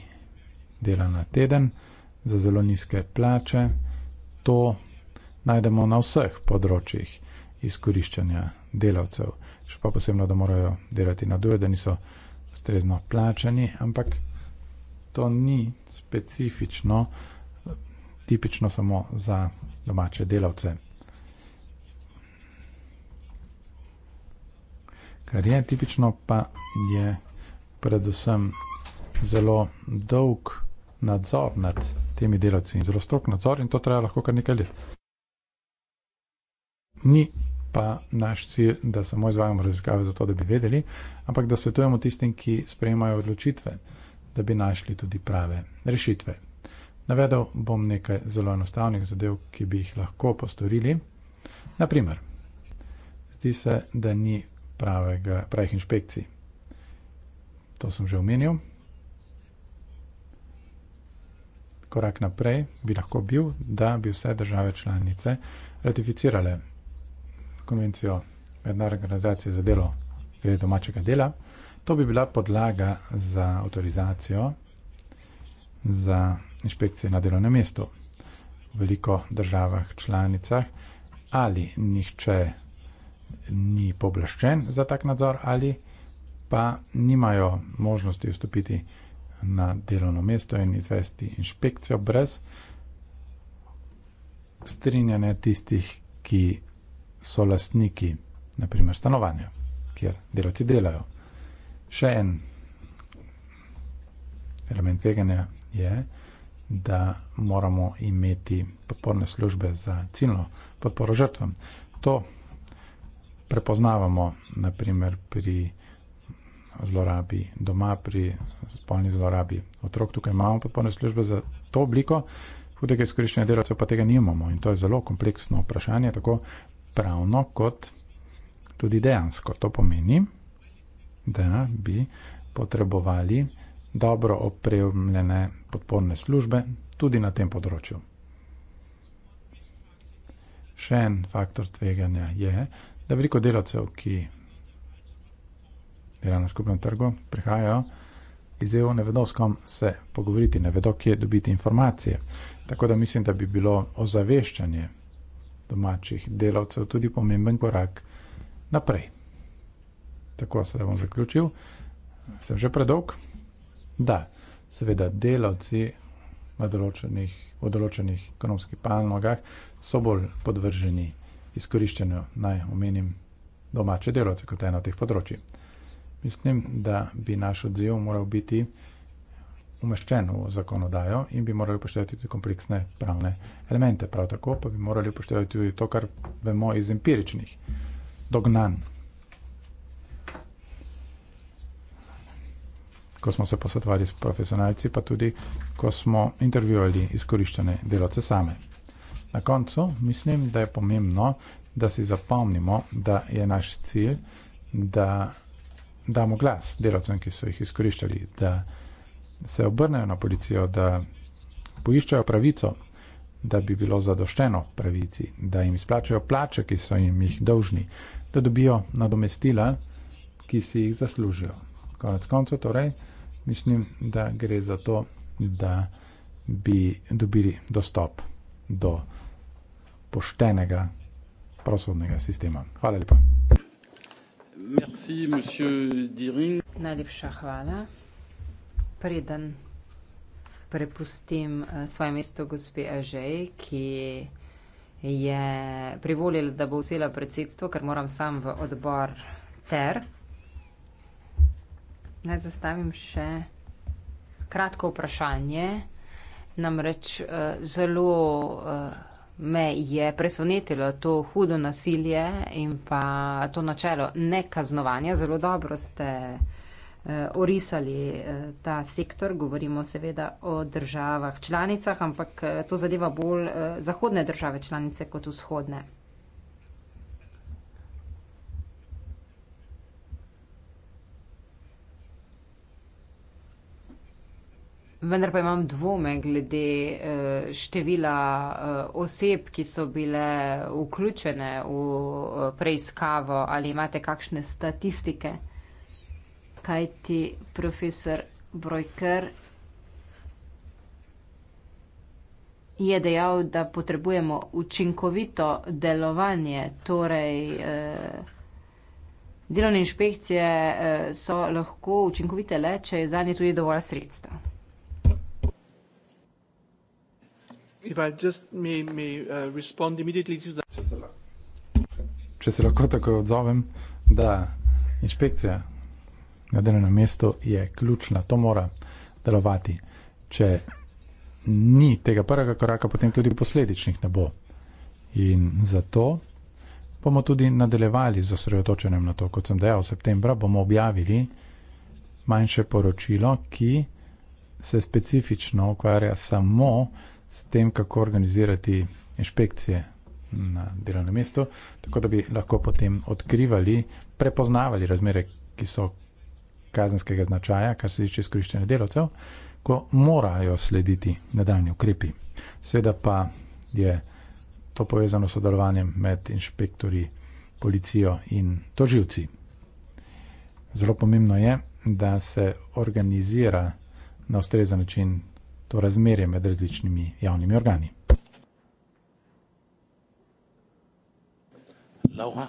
A: dela na teden za zelo nizke plače to najdemo na vseh področjih izkoriščanja delavcev, še pa posebno, da morajo delati na duje, da niso ustrezno plačani, ampak to ni specifično, tipično samo za domače delavce. Kar je tipično, pa je predvsem zelo dolg nadzor nad temi delavci in zelo strok nadzor in to traja lahko kar nekaj let. Ni pa naš cilj, da samo izvajamo raziskave za to, da bi vedeli, ampak da svetujemo tistim, ki sprejemajo odločitve, da bi našli tudi prave rešitve. Navedel bom nekaj zelo enostavnih zadev, ki bi jih lahko postorili. Naprimer, zdi se, da ni pravega, pravih inšpekcij. To sem že omenil. Korak naprej bi lahko bil, da bi vse države članice ratificirale konvencijo Mednarodne organizacije za delo glede domačega dela. To bi bila podlaga za avtorizacijo za inšpekcije na delovnem mestu v veliko državah članicah ali nihče ni poblaščen za tak nadzor ali pa nimajo možnosti vstopiti na delovno mesto in izvesti inšpekcijo brez strinjanja tistih, ki so lastniki, naprimer stanovanja, kjer delavci delajo. Še en element tveganja je, da moramo imeti podporne službe za ciljno podporo žrtvam. To prepoznavamo naprimer pri zlorabi, doma pri spolni zlorabi otrok. Tukaj imamo podporne službe za to obliko hudega izkoriščenja delavcev, pa tega nimamo. In to je zelo kompleksno vprašanje, tako pravno kot tudi dejansko. To pomeni, da bi potrebovali dobro opremljene podporne službe tudi na tem področju. Še en faktor tveganja je, da veliko delavcev, ki dela na skupnem trgu, prihajajo iz EU, ne vedo, s kom se pogovoriti, ne vedo, kje dobiti informacije. Tako da mislim, da bi bilo ozaveščanje domačih delavcev tudi pomemben korak naprej. Tako se da bom zaključil. Sem že predolg? Da, seveda delavci v določenih, v določenih ekonomskih panogah so bolj podvrženi izkoriščenju, naj omenim, domače delavce kot eno od teh področji. Mislim, da bi naš odziv moral biti umeščen v zakonodajo in bi morali upoštevati tudi kompleksne pravne elemente. Prav tako pa bi morali upoštevati tudi to, kar vemo iz empiričnih dognanj. Ko smo se posvetovali s profesionalci, pa tudi ko smo intervjuvali izkoriščene delovce same. Na koncu mislim, da je pomembno, da si zapomnimo, da je naš cilj, da damo glas delavcem, ki so jih izkoriščali, da se obrnejo na policijo, da poiščajo pravico, da bi bilo zadošteno pravici, da jim izplačajo plače, ki so jim jih dolžni, da dobijo nadomestila, ki si jih zaslužijo. Konec koncev torej mislim, da gre za to, da bi dobili dostop do poštenega prosodnega sistema. Hvala lepa.
C: Najlepša hvala. Preden prepustim eh, svoje mesto gospe Ažej, ki je privolila, da bo vzela predsedstvo, ker moram sam v odbor ter. Naj zastavim še kratko vprašanje, namreč eh, zelo. Eh, me je presenetilo to hudo nasilje in pa to načelo nekaznovanja. Zelo dobro ste eh, orisali eh, ta sektor, govorimo seveda o državah članicah, ampak eh, to zadeva bolj eh, zahodne države članice kot vzhodne. Vendar pa imam dvome glede eh, števila eh, oseb, ki so bile vključene v eh, preiskavo, ali imate kakšne statistike. Kaj ti, profesor Brojker, je dejal, da potrebujemo učinkovito delovanje, torej. Delovne inšpekcije so lahko učinkovite le, če je za nje tudi dovolj sredstva.
A: If I just may, may uh, respond immediately to that. Če se, Če se lahko takoj odzovem, da inšpekcija na delovnem mestu je ključna, to mora delovati. Če ni tega prvega koraka, potem tudi posledičnih ne bo. In zato bomo tudi nadaljevali z osredotočenjem na to, kot sem dejal, v septembra bomo objavili manjše poročilo, ki se specifično ukvarja samo s tem, kako organizirati inšpekcije na delovnem mestu, tako da bi lahko potem odkrivali, prepoznavali razmere, ki so kazenskega značaja, kar se tiče izkoriščenja delavcev, ko morajo slediti nadaljni ukrepi. Seveda pa je to povezano s sodelovanjem med inšpektori, policijo in toživci. Zelo pomembno je, da se organizira na ustrezen način to razmerje med različnimi javnimi organi. Laura.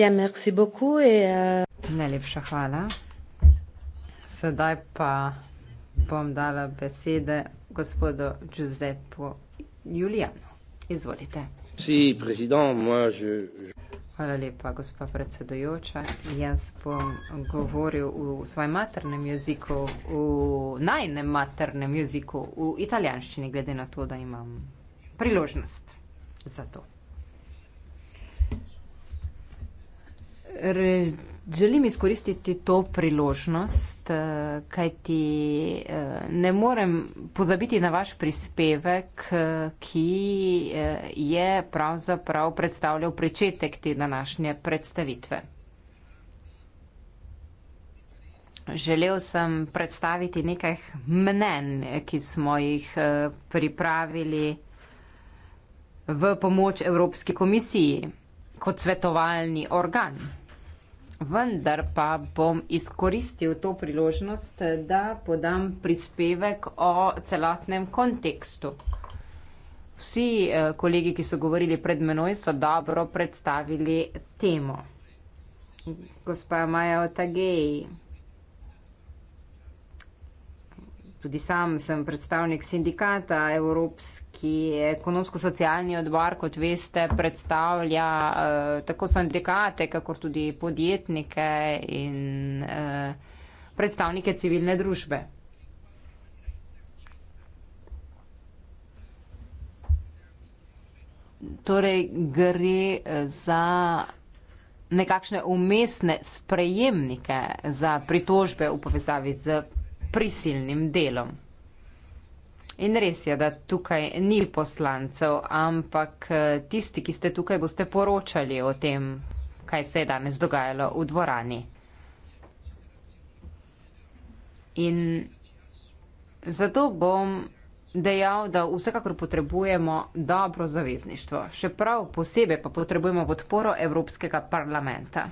C: Ja, merci beaucoup. Et, uh... Najlepša hvala. Sedaj pa bom dala besede gospodu Giuseppu Julianu. Izvolite.
A: Si, prezident, moi, je...
C: Hvala lepa, gospa predsedujoča. Jaz bom govoril v svojem maternem jeziku, v najnem maternem jeziku, v italijanščini, glede na to, da imam priložnost za to. Re, želim izkoristiti to priložnost, eh, kajti eh, ne morem pozabiti na vaš prispevek, eh, ki je pravzaprav predstavljal prečetek te današnje predstavitve. Želel sem predstaviti nekaj mnen, ki smo jih pripravili v pomoč Evropski komisiji kot svetovalni organ. Vendar pa bom izkoristil to priložnost, da podam prispevek o celotnem kontekstu. Vsi eh, kolegi, ki so govorili pred menoj, so dobro predstavili temo. Gospa Maja Otagej. Tudi sam sem predstavnik sindikata Evropski ekonomsko-socialni odbor, kot veste, predstavlja eh, tako sindikate, kakor tudi podjetnike in eh, predstavnike civilne družbe. Torej gre eh, za nekakšne umestne sprejemnike za pritožbe v povezavi z prisilnim delom. In res je, da tukaj ni poslancev, ampak eh, tisti, ki ste tukaj, boste poročali o tem, kaj se je danes dogajalo v dvorani. In zato bom dejal, da vsekakor potrebujemo dobro zavezništvo, še prav posebej pa potrebujemo podporo Evropskega parlamenta.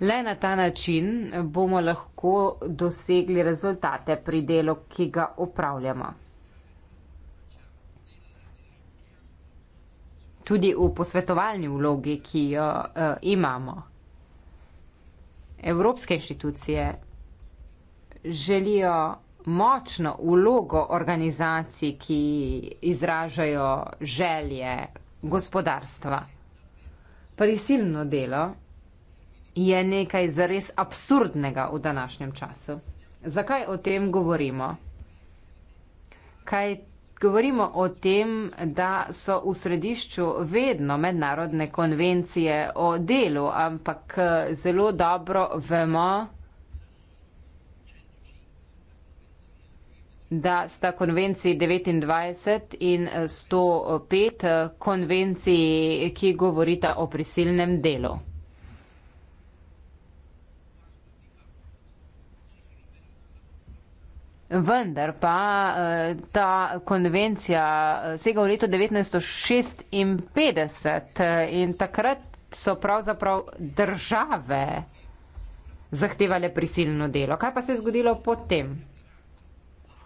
C: Le na ta način bomo lahko dosegli rezultate pri delu, ki ga upravljamo. Tudi v posvetovalni vlogi, ki jo uh, imamo. Evropske inštitucije želijo močno vlogo organizacij, ki izražajo želje gospodarstva. Prisilno delo je nekaj zares absurdnega v današnjem času. Zakaj o tem govorimo? Kaj govorimo o tem, da so v središču vedno mednarodne konvencije o delu, ampak zelo dobro vemo, da sta konvenciji 29 in 105 konvenciji, ki govorita o prisilnem delu. Vendar pa eh, ta konvencija eh, sega v leto 1956 eh, in takrat so pravzaprav države zahtevale prisilno delo. Kaj pa se je zgodilo potem?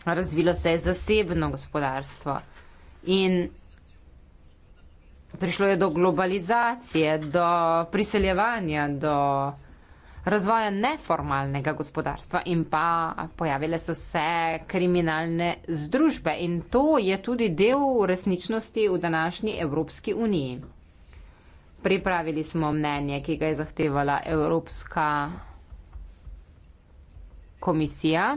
C: Razvilo se je zasebno gospodarstvo in prišlo je do globalizacije, do priseljevanja, do razvoja neformalnega gospodarstva in pa pojavile so se kriminalne združbe in to je tudi del resničnosti v današnji Evropski uniji. Pripravili smo mnenje, ki ga je zahtevala Evropska komisija.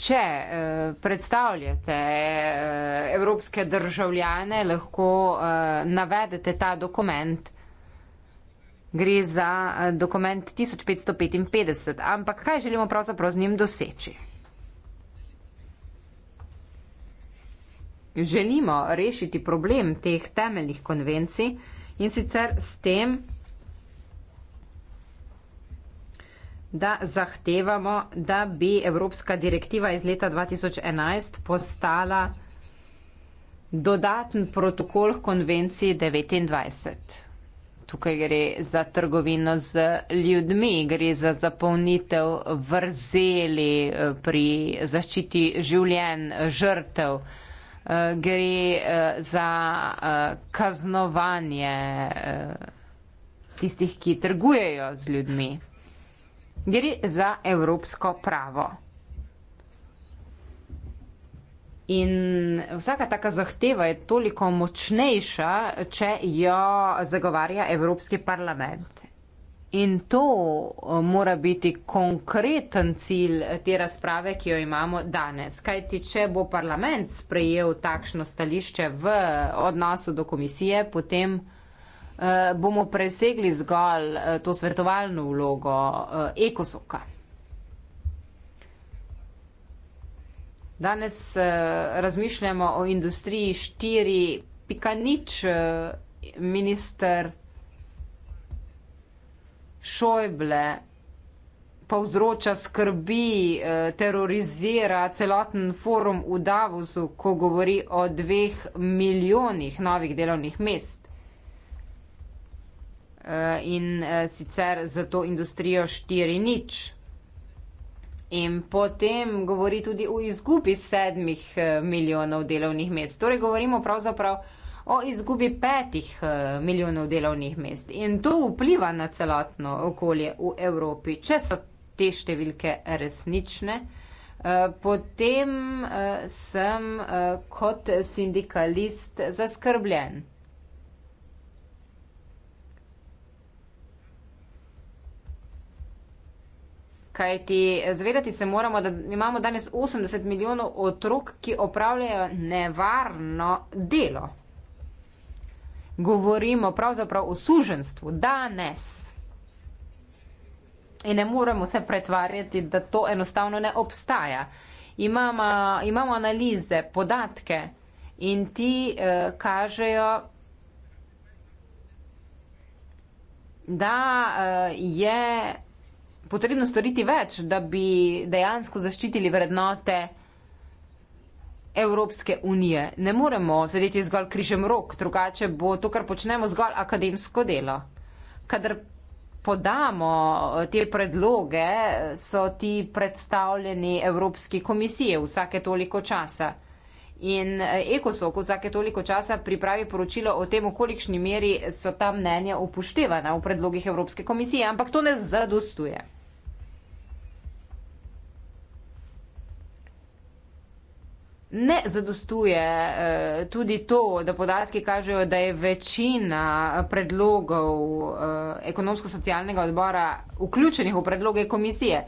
C: če eh, predstavljate eh, evropske državljane, lahko eh, navedete ta dokument. Gre za eh, dokument 1555, ampak kaj želimo pravzaprav z njim doseči? Želimo rešiti problem teh temeljnih konvencij in sicer s tem, da zahtevamo, da bi evropska direktiva iz leta 2011 postala dodaten protokol konvenciji 29. Tukaj gre za trgovino z ljudmi, gre za zapolnitev vrzeli eh, pri zaščiti življenj žrtev, eh, gre eh, za kaznovanje tistih, ki trgujejo z ljudmi gre za evropsko pravo. In vsaka taka zahteva je toliko močnejša, če jo zagovarja Evropski parlament. In to eh, mora biti konkreten cilj te razprave, ki jo imamo danes. Kajti, če bo parlament sprejel takšno stališče v odnosu do komisije, potem. Eh, bomo presegli zgolj eh, to svetovalno vlogo eh, ekosoka. Danes razmišljamo o industriji štiri pika nič, minister Šojble povzroča skrbi, terorizira celoten forum v Davosu, ko govori o dveh milijonih novih delovnih mest. Eh, in eh, sicer za to industrijo 4 nič. In potem govori tudi o izgubi sedmih eh, milijonov delovnih mest. Torej govorimo pravzaprav o izgubi petih milijonov delovnih mest. In to vpliva na celotno okolje v Evropi. Če so te številke resnične, potem sem kot sindikalist zaskrbljen. kajti zavedati se moramo, da imamo danes 80 milijonov otrok, ki opravljajo nevarno delo. Govorimo pravzaprav o suženstvu danes. In ne moremo se pretvarjati, da to enostavno ne obstaja. Imamo, imamo analize, podatke in ti eh, kažejo, da eh, je potrebno storiti več, da bi dejansko zaščitili vrednote Evropske unije. Ne moremo sedeti zgolj križem rok, drugače bo to, kar počnemo, zgolj akademsko delo. Kadar podamo eh, te predloge, so ti predstavljeni Evropski komisiji vsake toliko časa. In eh, Ekosok vsake toliko časa pripravi poročilo o tem, v kolikšni meri so ta mnenja upoštevana v predlogih Evropske komisije, ampak to ne zadostuje. Ne zadostuje eh, tudi to, da podatki kažejo, da je večina predlogov eh, ekonomsko-socialnega odbora vključenih v predloge komisije.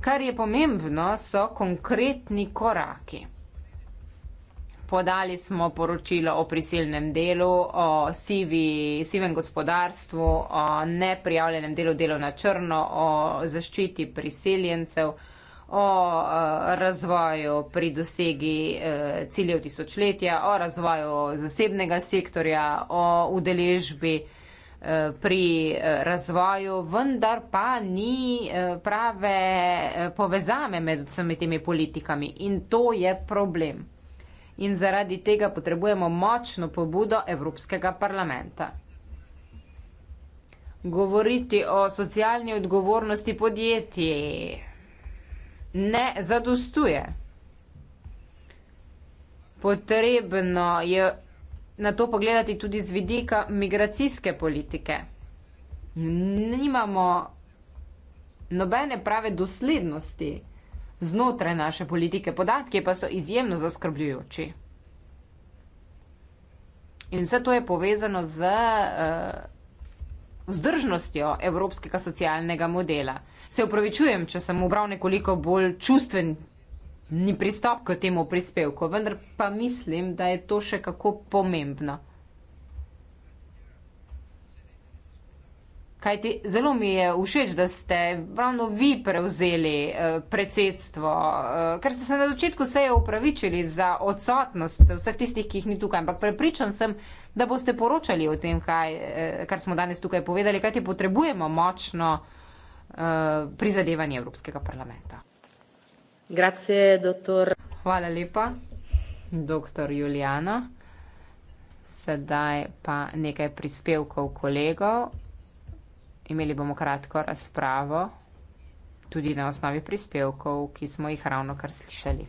C: Kar je pomembno, so konkretni koraki. Podali smo poročilo o prisilnem delu, o sivi, sivem gospodarstvu, o neprijavljenem delu delo na črno, o zaščiti prisiljencev o e, razvoju pri dosegi e, ciljev tisočletja, o razvoju zasebnega sektorja, o udeležbi e, pri razvoju, vendar pa ni prave povezave med vsemi temi politikami in to je problem. In zaradi tega potrebujemo močno pobudo Evropskega parlamenta. Govoriti o socialni odgovornosti podjetij ne zadostuje. Potrebno je na to pogledati tudi z vidika migracijske politike. Nimamo nobene prave doslednosti znotraj naše politike, podatke pa so izjemno zaskrbljujoči. In vse to je povezano z. Uh, vzdržnostjo evropskega socialnega modela. Se upravičujem, če sem obral nekoliko bolj čustven. Ni pristop k temu prispevku, vendar pa mislim, da je to še kako pomembno. Kajti zelo mi je všeč, da ste ravno vi prevzeli eh, predsedstvo, eh, ker ste se na začetku seje upravičili za odsotnost vseh tistih, ki jih ni tukaj, ampak prepričan sem, da boste poročali o tem, kaj, eh, kar smo danes tukaj povedali, kajti potrebujemo močno prizadevanje Evropskega parlamenta. Grazie, doktor. Hvala lepa, doktor Juliana. Sedaj pa nekaj prispevkov kolegov. Imeli bomo kratko razpravo, tudi na osnovi prispevkov, ki smo jih ravno kar slišali.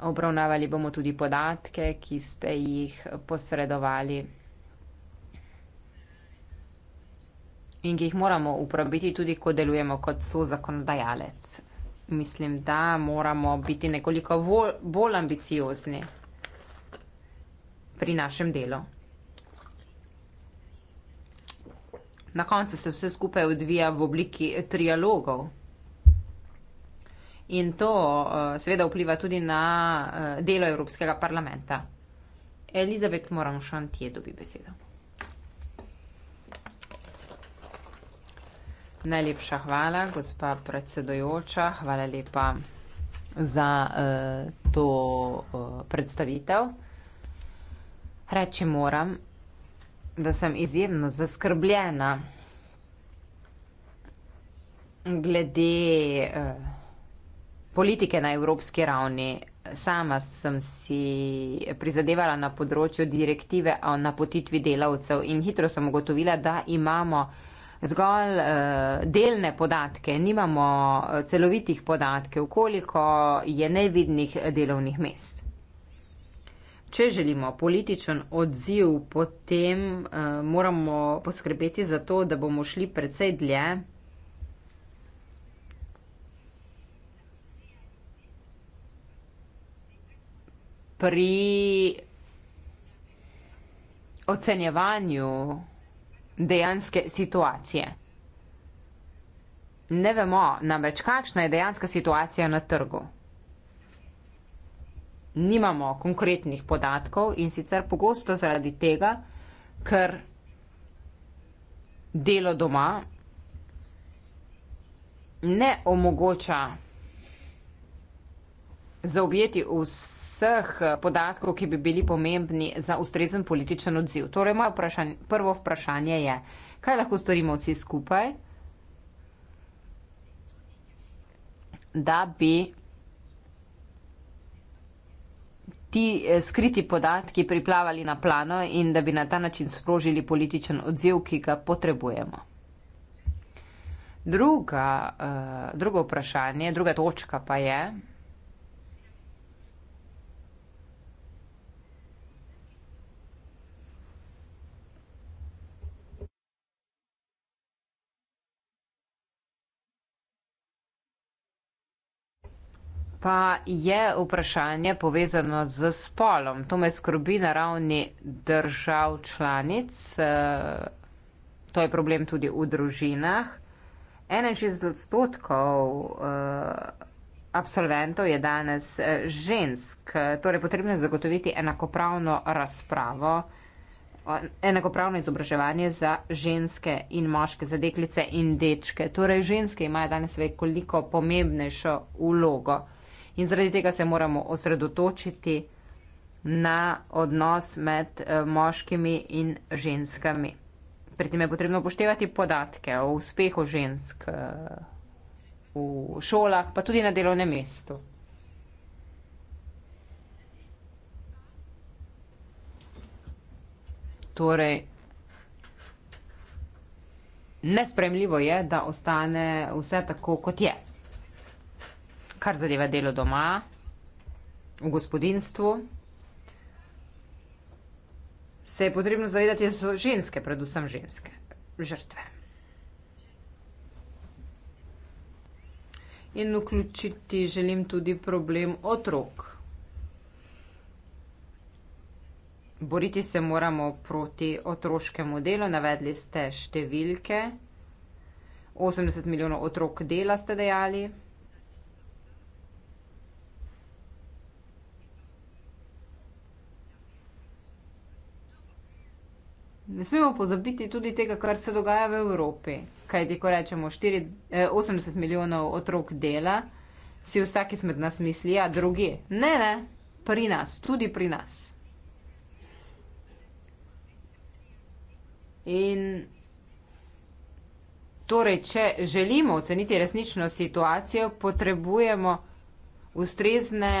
C: Obravnavali bomo tudi podatke, ki ste jih posredovali in ki jih moramo uporabiti tudi, ko delujemo kot sozakonodajalec. Mislim, da moramo biti nekoliko bolj ambiciozni pri našem delu. Na koncu se vse skupaj odvija v obliki trialogov. In to uh, seveda vpliva tudi na uh, delo Evropskega parlamenta. Elizabet Moran Šantje dobi besedo. Najlepša hvala, gospa predsedojoča. Hvala lepa za uh, to uh, predstavitev. Reči moram, da sem izjemno zaskrbljena glede eh, politike na evropski ravni. Sama sem si prizadevala na področju direktive o napotitvi delavcev in hitro sem ugotovila, da imamo zgolj eh, delne podatke, nimamo eh, celovitih podatke, koliko je nevidnih delovnih mest. Če želimo političen odziv, potem uh, moramo poskrbeti za to, da bomo šli predvsej dlje. Pri ocenjevanju dejanske situacije. Ne vemo namreč, kakšna je dejanska situacija na trgu nimamo konkretnih podatkov in sicer pogosto zaradi tega, ker delo doma ne omogoča zaobjeti vseh podatkov, ki bi bili pomembni za ustrezen političen odziv. Torej, moje vprašanje, prvo vprašanje je, kaj lahko storimo vsi skupaj, da bi ti eh, skriti podatki priplavali na plano in da bi na ta način sprožili političen odziv, ki ga potrebujemo. Druga, uh, drugo vprašanje, druga točka pa je, pa je vprašanje povezano z spolom. To me skrbi na ravni držav članic. Eh, to je problem tudi v družinah. 61 odstotkov eh, absolventov je danes eh, žensk. Torej potrebno je zagotoviti enakopravno razpravo, enakopravno izobraževanje za ženske in moške, za deklice in dečke. Torej ženske imajo danes veliko pomembnejšo vlogo. In zaradi tega se moramo osredotočiti na odnos med eh, moškimi in ženskami. Pri tem je potrebno upoštevati podatke o uspehu žensk eh, v šolah, pa tudi na delovnem mestu. Torej, nespremljivo je, da ostane vse tako, kot je kar zadeva delo doma, v gospodinstvu, se je potrebno zavedati, da so ženske, predvsem ženske, žrtve. In vključiti želim tudi problem otrok. Boriti se moramo proti otroškemu delu, navedli ste številke. 80 milijonov otrok dela ste dejali. ne smemo pozabiti tudi tega, kar se dogaja v Evropi. Kaj ti, ko rečemo, 4, eh, 80 milijonov otrok dela, si vsak izmed nas misli, da ja, druge. Ne, ne, pri nas, tudi pri nas. In torej, če želimo oceniti resnično situacijo, potrebujemo ustrezne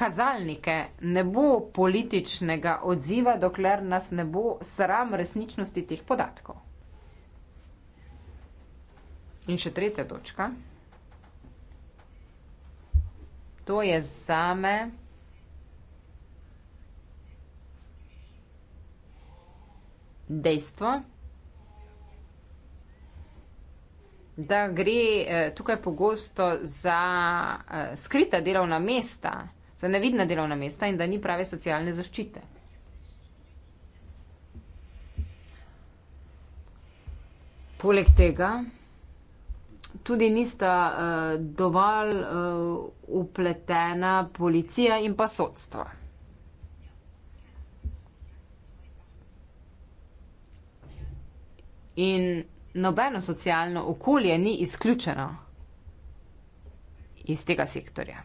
C: kazalnike, ne bo političnega odziva, dokler nas ne bo sram resničnosti teh podatkov. In še tretja točka. To je zame dejstvo, da gre eh, tukaj pogosto za eh, skrita delovna mesta za nevidna delovna mesta in da ni prave socialne zaščite. Poleg tega tudi nista uh, dovolj uh, eh, upletena policija in pa sodstvo. In nobeno socialno okolje ni izključeno iz tega sektorja.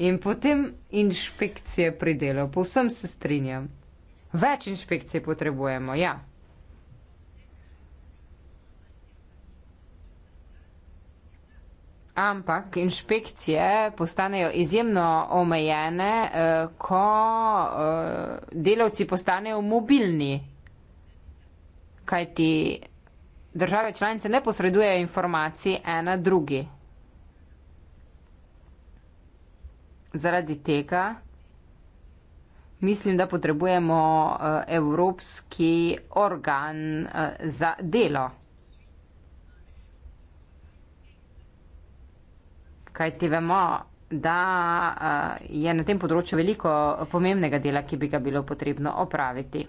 C: In potem inšpekcije pri delu, povsem se strinjam. Več inšpekcij potrebujemo, ja. Ampak inšpekcije postanejo izjemno omejene, eh, ko eh, delavci postanejo mobilni, kajti države članice ne posredujejo informacij ena drugi. zaradi tega mislim, da potrebujemo eh, evropski organ eh, za delo. Kaj ti vemo, da eh, je na tem področju veliko pomembnega dela, ki bi ga bilo potrebno opraviti.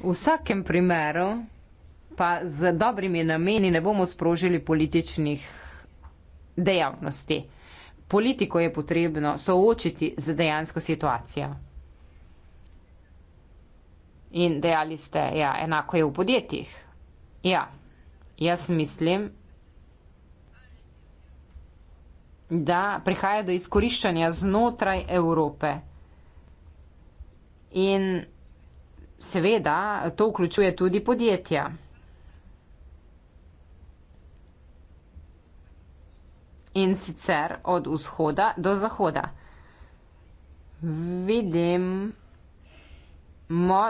C: V vsakem primeru pa z dobrimi nameni ne bomo sprožili političnih dejavnosti. Politiko je potrebno soočiti z dejansko situacijo. In dejali ste, ja, enako je v podjetjih. Ja, jaz mislim, da prihaja do izkoriščanja znotraj Evrope. In seveda to vključuje tudi podjetja. in sicer od vzhoda do zahoda. Vidimo,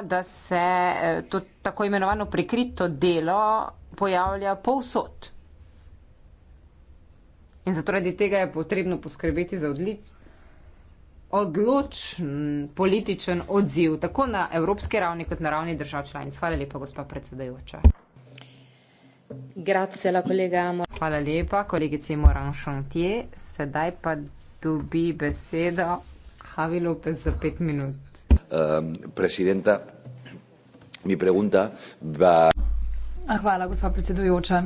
C: da se eh, to tako imenovano prikrito delo pojavlja povsod. In zato radi tega je potrebno poskrbeti za odlič. Odločen političen odziv tako na evropski ravni kot na ravni držav članic. Hvala lepa, gospa predsedajoča. Hvala lepa kolegici Moran Šantje. Sedaj pa dobi besedo Javi López za pet minut.
A: Um, presidenta, mi pregunta, da.
B: Hvala, gospod predsedujoča.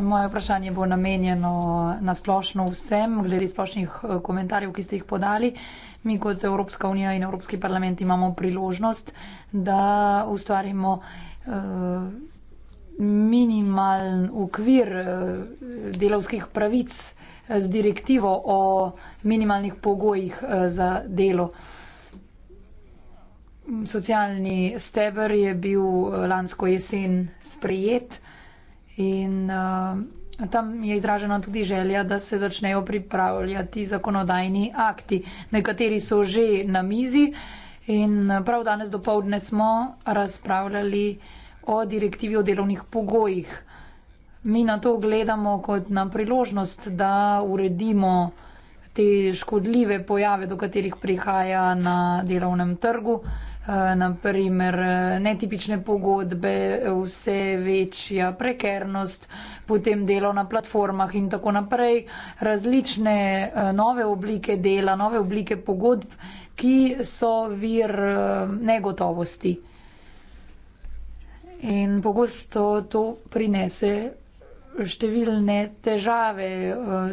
B: Moje vprašanje bo namenjeno na splošno vsem, glede splošnih eh, komentarjev, ki ste jih podali. Mi kot Evropska unija in Evropski parlament imamo priložnost, da ustvarimo. Uh, minimalen ukvir eh, delovskih pravic eh, z direktivo o minimalnih pogojih eh, za delo. Socialni stebr je bil lansko jesen sprejet in uh, tam je izražena tudi želja, da se začnejo pripravljati zakonodajni akti. Nekateri so že na mizi in prav danes do povdne smo razpravljali uh, o direktivi o delovnih pogojih. Mi na to gledamo kot na priložnost, da uredimo te škodljive pojave, do katerih prihaja na delovnem trgu, eh, naprimer eh, netipične pogodbe, vse večja prekernost, potem delo na platformah in tako naprej, različne eh, nove oblike dela, nove oblike pogodb, ki so vir negotovosti. In pogosto to prinese številne težave uh,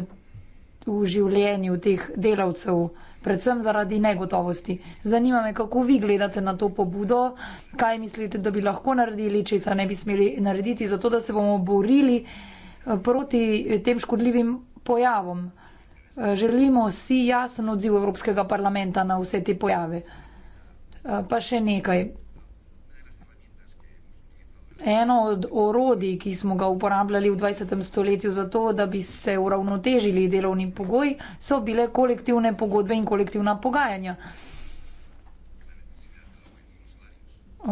B: v življenju teh delavcev, predvsem zaradi negotovosti. Zanima me, kako vi gledate na to pobudo, kaj mislite, da bi lahko naredili, če se ne bi smeli narediti, zato da se bomo borili eh, proti tem škodljivim pojavom. Eh, želimo si jasen odziv Evropskega parlamenta na vse te pojave. Pa še nekaj eno od orodij, ki smo ga uporabljali v 20. stoletju za to, da bi se uravnotežili delovni pogoj, so bile kolektivne pogodbe in kolektivna pogajanja. Eh,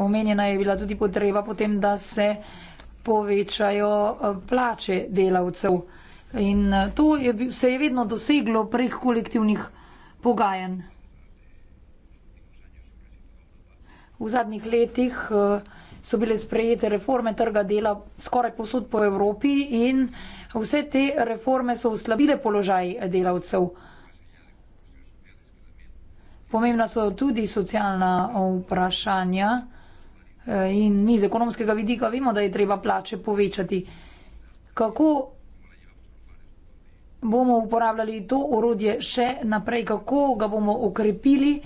B: omenjena je bila tudi potreba potem, da se povečajo eh, plače delavcev. In eh, to je, se je vedno doseglo prek kolektivnih pogajanj. V zadnjih letih uh, so bile sprejete reforme trga dela skoraj posod po Evropi in vse te reforme so oslabile položaj delavcev. Pomembna so tudi socialna vprašanja eh, in mi z ekonomskega vidika vemo, da je treba plače povečati. Kako bomo uporabljali to orodje še naprej, kako ga bomo okrepili?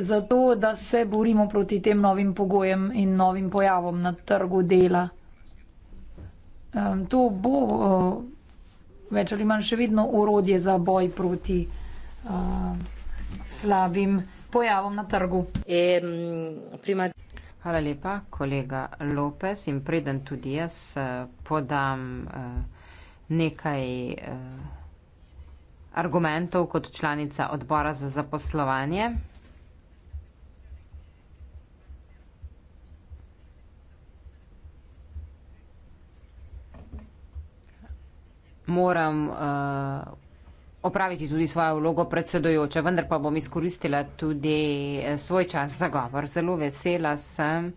B: zato, da se borimo proti tem novim pogojem in novim pojavom na trgu dela. To bo eh, več ali manj še vedno urodje za boj proti eh, slabim pojavom na trgu.
C: Hvala lepa, kolega Lopes in preden tudi jaz eh, podam nekaj argumentov kot članica odbora za zaposlovanje. moram uh, opraviti tudi svojo vlogo predsedojoče, vendar pa bom izkoristila tudi eh, svoj čas za govor. Zelo vesela sem,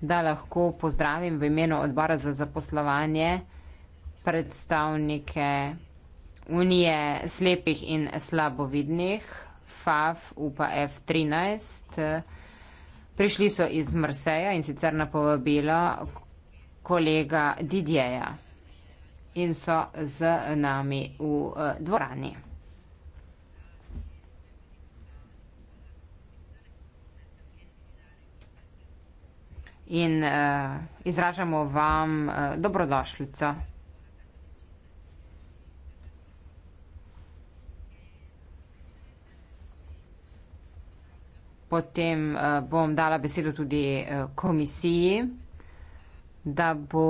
C: da lahko pozdravim v imenu odbora za zaposlovanje predstavnike Unije slepih in slabovidnih, FAF, UPA F13. Prišli so iz Marseja in sicer na povabilo kolega Didjeja in so z nami v eh, dvorani. In uh, izražamo vam uh, dobrodošljico. Potem uh, bom dala besedo tudi uh, komisiji, da bo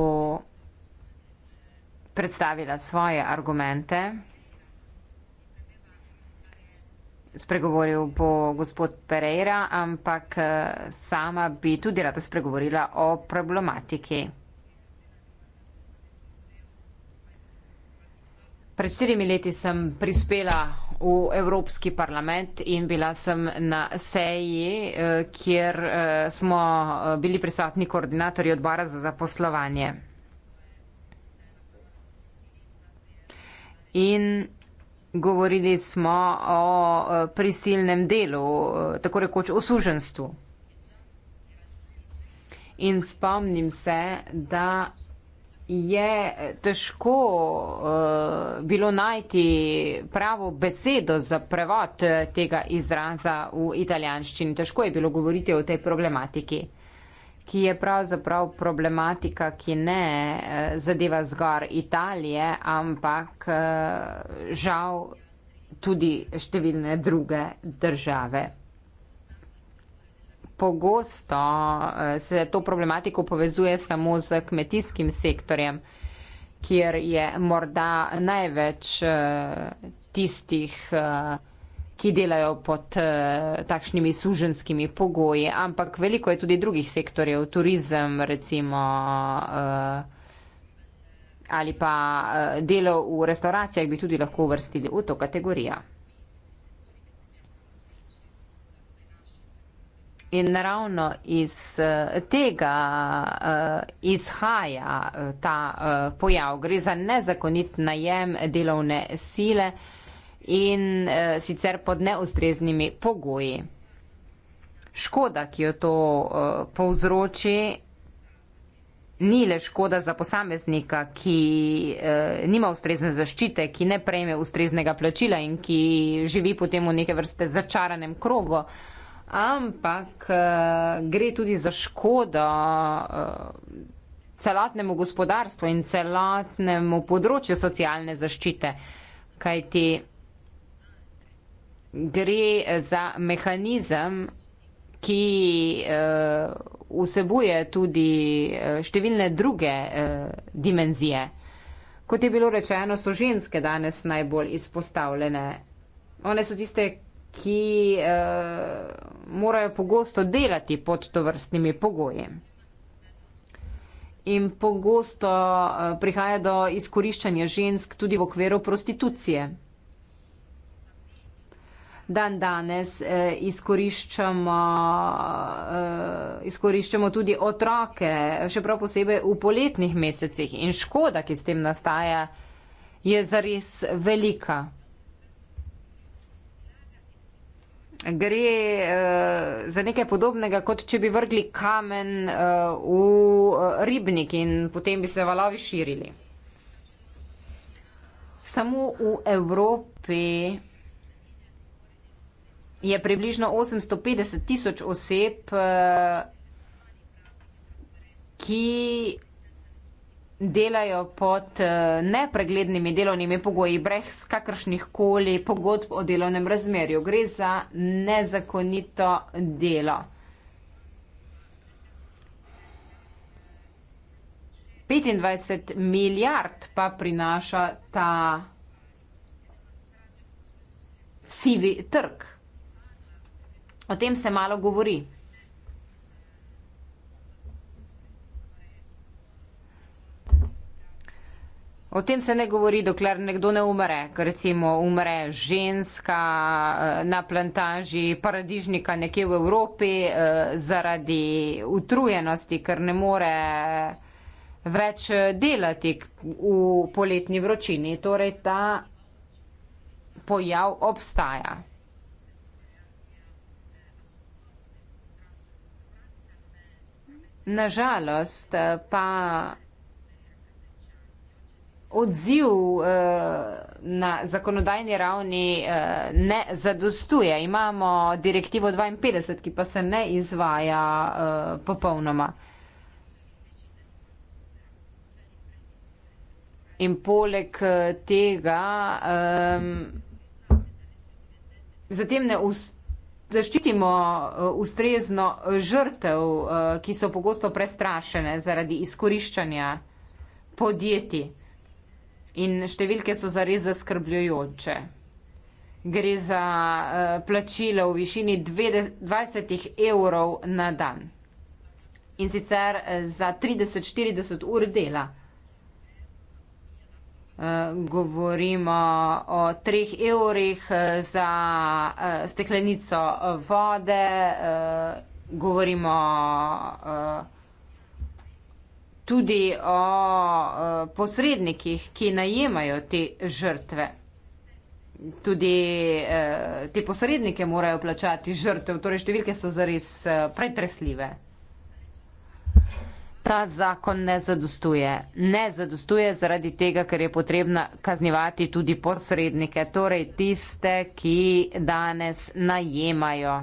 C: predstavila svoje argumente. Spregovoril bo gospod Pereira, ampak eh, sama bi tudi rada spregovorila o problematiki. Pred štirimi leti sem prispela v Evropski parlament in bila sem na seji, eh, kjer eh, smo bili prisotni koordinatorji odbora za zaposlovanje. in govorili smo o e, prisilnem delu, e, tako rekoč o suženstvu. In spomnim se, da je težko uh, bilo najti pravo besedo za prevod tega izraza v italijanščini. Težko je bilo govoriti o tej problematiki ki je pravzaprav problematika, ki ne eh, zadeva zgor Italije, ampak eh, žal tudi številne druge države. Pogosto eh, se to problematiko povezuje samo z kmetijskim sektorjem, kjer je morda največ tistih ki delajo pod uh, takšnimi suženskimi pogoji, ampak veliko je tudi drugih sektorjev, turizem recimo uh, ali pa uh, delo v restauracijah bi tudi lahko uvrstili v to kategorijo. In ravno iz tega izhaja ta pojav. Gre za nezakonit najem delovne sile, in uh, sicer pod neustreznimi pogoji. Škoda, ki jo to uh, povzroči, ni le škoda za posameznika, ki uh, nima ustrezne zaščite, ki ne prejme ustreznega plačila in ki živi potem v neke vrste začaranem krogu, ampak uh, gre tudi za škodo. Uh, celotnemu gospodarstvu in celotnemu področju socialne zaščite, kajti gre za mehanizem, ki uh, vsebuje tudi eh, številne druge uh, dimenzije. Kot je bilo rečeno, so ženske danes najbolj izpostavljene. One so tiste, ki uh, morajo pogosto delati pod tovrstnimi pogoji. In pogosto prihaja do izkoriščanja žensk tudi v okviru prostitucije dan danes eh, izkoriščamo, eh, izkoriščamo tudi otroke, še prav posebej v poletnih mesecih. In škoda, ki s tem nastaja, je zares velika. Gre uh, za nekaj podobnega, kot če bi vrgli kamen uh, v eh, ribnik in potem bi se valovi širili. Samo v Evropi je približno 850 tisoč oseb, eh, ki delajo pod eh, nepreglednimi delovnimi pogoji, breh z kakršnih koli pogodb o delovnem razmerju. Gre za nezakonito delo. 25 milijard pa prinaša ta sivi trg. O tem se malo govori. O tem se ne govori, dokler nekdo ne umre, ker recimo umre ženska eh, na plantaži paradižnika nekje v Evropi eh, zaradi utrujenosti, ker ne more eh, več delati v poletni vročini. Torej ta pojav obstaja. Na žalost eh, pa odziv eh, na zakonodajni ravni eh, ne zadostuje. Imamo direktivo 52, ki pa se ne izvaja popolnoma. In poleg tega ehm, zatem ne ustavlja zaščitimo eh, ustrezno žrtev, eh, ki so pogosto prestrašene zaradi izkoriščanja podjetij. In številke so zares zaskrbljujoče. Gre za eh, plačilo v višini 20 evrov na dan. In sicer za 30-40 ur dela govorimo o treh evrih za eh, steklenico vode, eh, govorimo eh, tudi o posrednikih, ki najemajo te žrtve. Tudi te posrednike morajo plačati žrtev, torej številke so zares pretresljive ta zakon ne zadostuje. Ne zadostuje zaradi tega, ker je potrebno kaznivati tudi posrednike, torej tiste, ki danes najemajo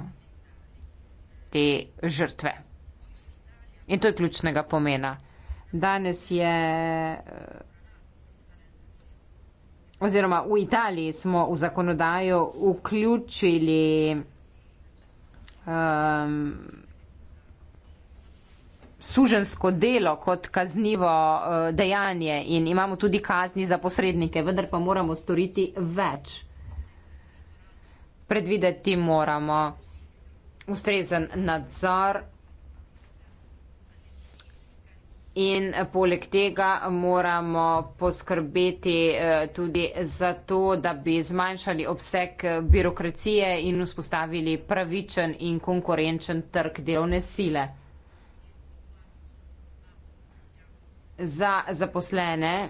C: te žrtve. In to je ključnega pomena. Danes je. Oziroma, v Italiji smo v zakonodajo vključili um, sužensko delo kot kaznivo eh, dejanje in imamo tudi kazni za posrednike, vendar pa moramo storiti več. Predvideti moramo ustrezen nadzor in poleg tega moramo poskrbeti eh, tudi za to, da bi zmanjšali obseg eh, birokracije in vzpostavili pravičen in konkurenčen trg delovne sile. za zaposlene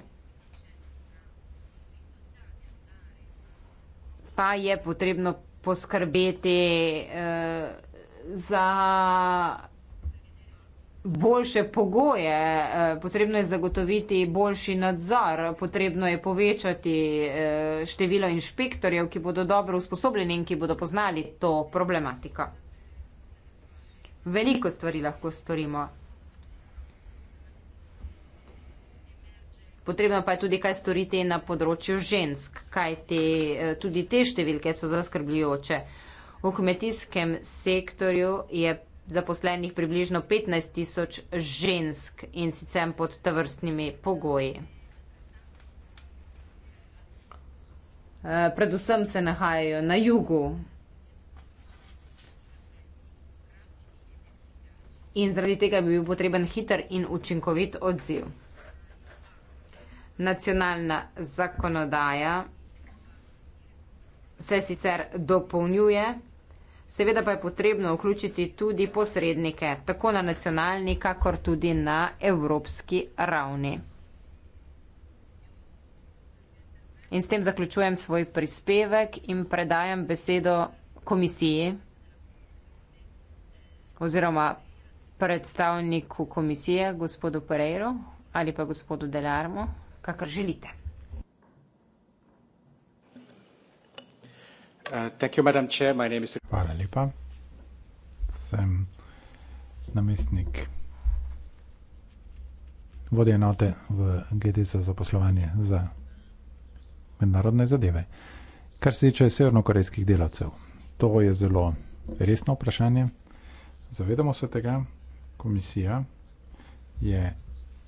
C: pa je potrebno poskrbeti eh, za boljše pogoje, eh, potrebno je zagotoviti boljši nadzor, potrebno je povečati eh, število inšpektorjev, ki bodo dobro usposobljeni in ki bodo poznali to problematiko. Veliko stvari lahko storimo. Potrebno pa je tudi kaj storiti na področju žensk, kaj te, eh, tudi te številke so zaskrbljujoče. V kmetijskem sektorju je zaposlenih približno 15 tisoč žensk in sicer pod tavrstnimi pogoji. Eh, predvsem se nahajajo na jugu in zaradi tega bi bil potreben hiter in učinkovit odziv nacionalna zakonodaja se sicer dopolnjuje, seveda pa je potrebno vključiti tudi posrednike, tako na nacionalni, kakor tudi na evropski ravni. In s tem zaključujem svoj prispevek in predajam besedo komisiji oziroma predstavniku komisije, gospodu Pereiro ali pa gospodu Delarmo kakor želite.
A: Uh, Hvala lepa. Sem namestnik vodje enote v GDS za zaposlovanje za mednarodne zadeve. Kar se tiče severnokorejskih delavcev, to je zelo resno vprašanje. Zavedamo se tega, komisija je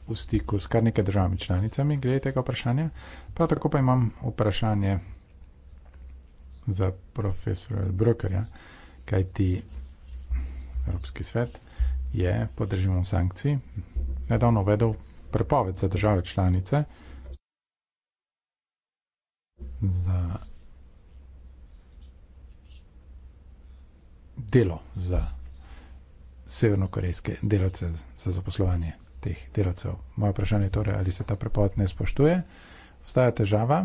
A: v stiku s kar nekaj državami članicami glede tega vprašanja. Prav tako pa imam vprašanje za profesora Brokerja, kaj ti Evropski svet je pod režimom sankcij nedavno uvedel prepoved za države članice za delo za severnokorejske delavce za zaposlovanje teh delavcev. Moje vprašanje je torej, ali se ta prepoved ne spoštuje, obstaja težava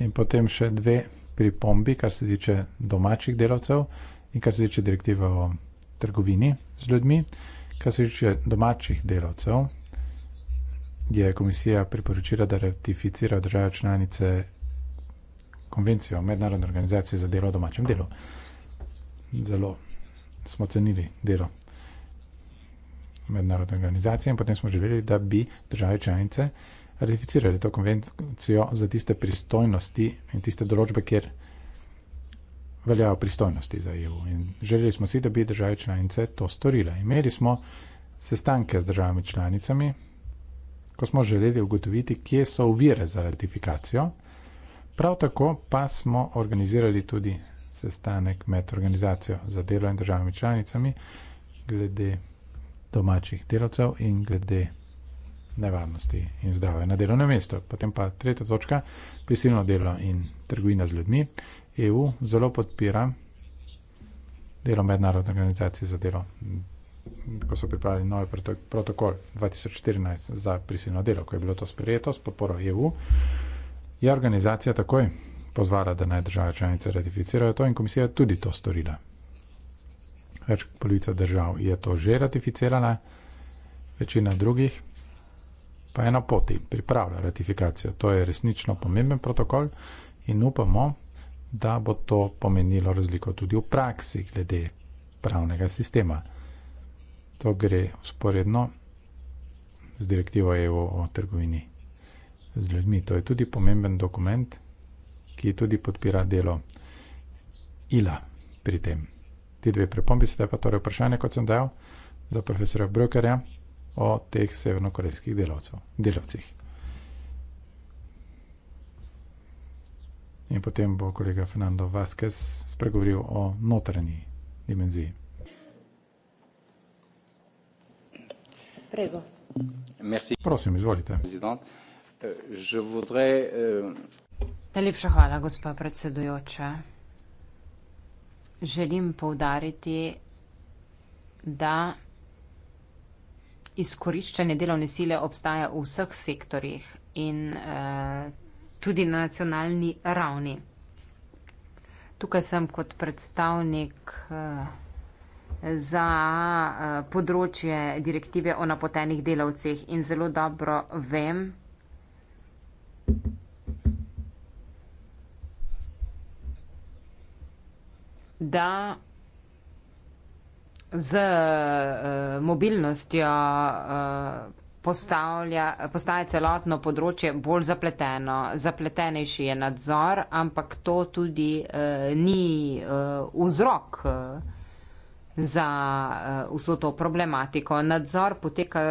A: in potem še dve pripombi, kar se tiče domačih delavcev in kar se tiče direktive o trgovini z ljudmi. Kar se tiče domačih delavcev, je komisija priporočila, da ratificira države članice konvencijo Mednarodne organizacije za delo v domačem delu. Zelo smo cenili delo mednarodne organizacije in potem smo želeli, da bi države članice ratificirali to konvencijo za tiste pristojnosti in tiste določbe, kjer veljajo pristojnosti za EU. In želeli smo si, da bi države članice to storile. Imeli smo sestanke z državami članicami, ko smo želeli ugotoviti, kje so uvire za ratifikacijo. Prav tako pa smo organizirali tudi sestanek med organizacijo za delo in državami članicami glede domačih delavcev in glede nevarnosti in zdravja na delovnem mestu. Potem pa tretja točka, prisilno delo in trgovina z ljudmi. EU zelo podpira delo mednarodne organizacije za delo, ko so pripravili novi protokol 2014 za prisilno delo, ko je bilo to sprejeto s podporo EU, je organizacija takoj pozvala, da naj države članice ratificirajo to in komisija tudi to storila več kot polovica držav je to že ratificirala, večina drugih pa je na poti, pripravlja ratifikacijo. To je resnično pomemben protokol in upamo, da bo to pomenilo razliko tudi v praksi glede pravnega sistema. To gre usporedno z direktivo EU o trgovini z ljudmi. To je tudi pomemben dokument, ki tudi podpira delo ILA pri tem ti dve pripombi, sedaj pa torej vprašanje, kot sem dejal, za profesora Brokerja o teh severnokorejskih delavcih. In potem bo kolega Fernando Vasquez spregovoril o notranji dimenziji. Prosim, izvolite. Euh, euh,
C: Najlepša hvala, gospa predsedujoča želim poudariti, da izkoriščanje delovne sile obstaja v vseh sektorjih in uh, tudi na nacionalni ravni. Tukaj sem kot predstavnik uh, za uh, področje direktive o napotenih delavcih in zelo dobro vem, da z eh, mobilnostjo eh, postaje celotno področje bolj zapleteno. Zapletenejši je nadzor, ampak to tudi eh, ni vzrok za vso to problematiko. Nadzor poteka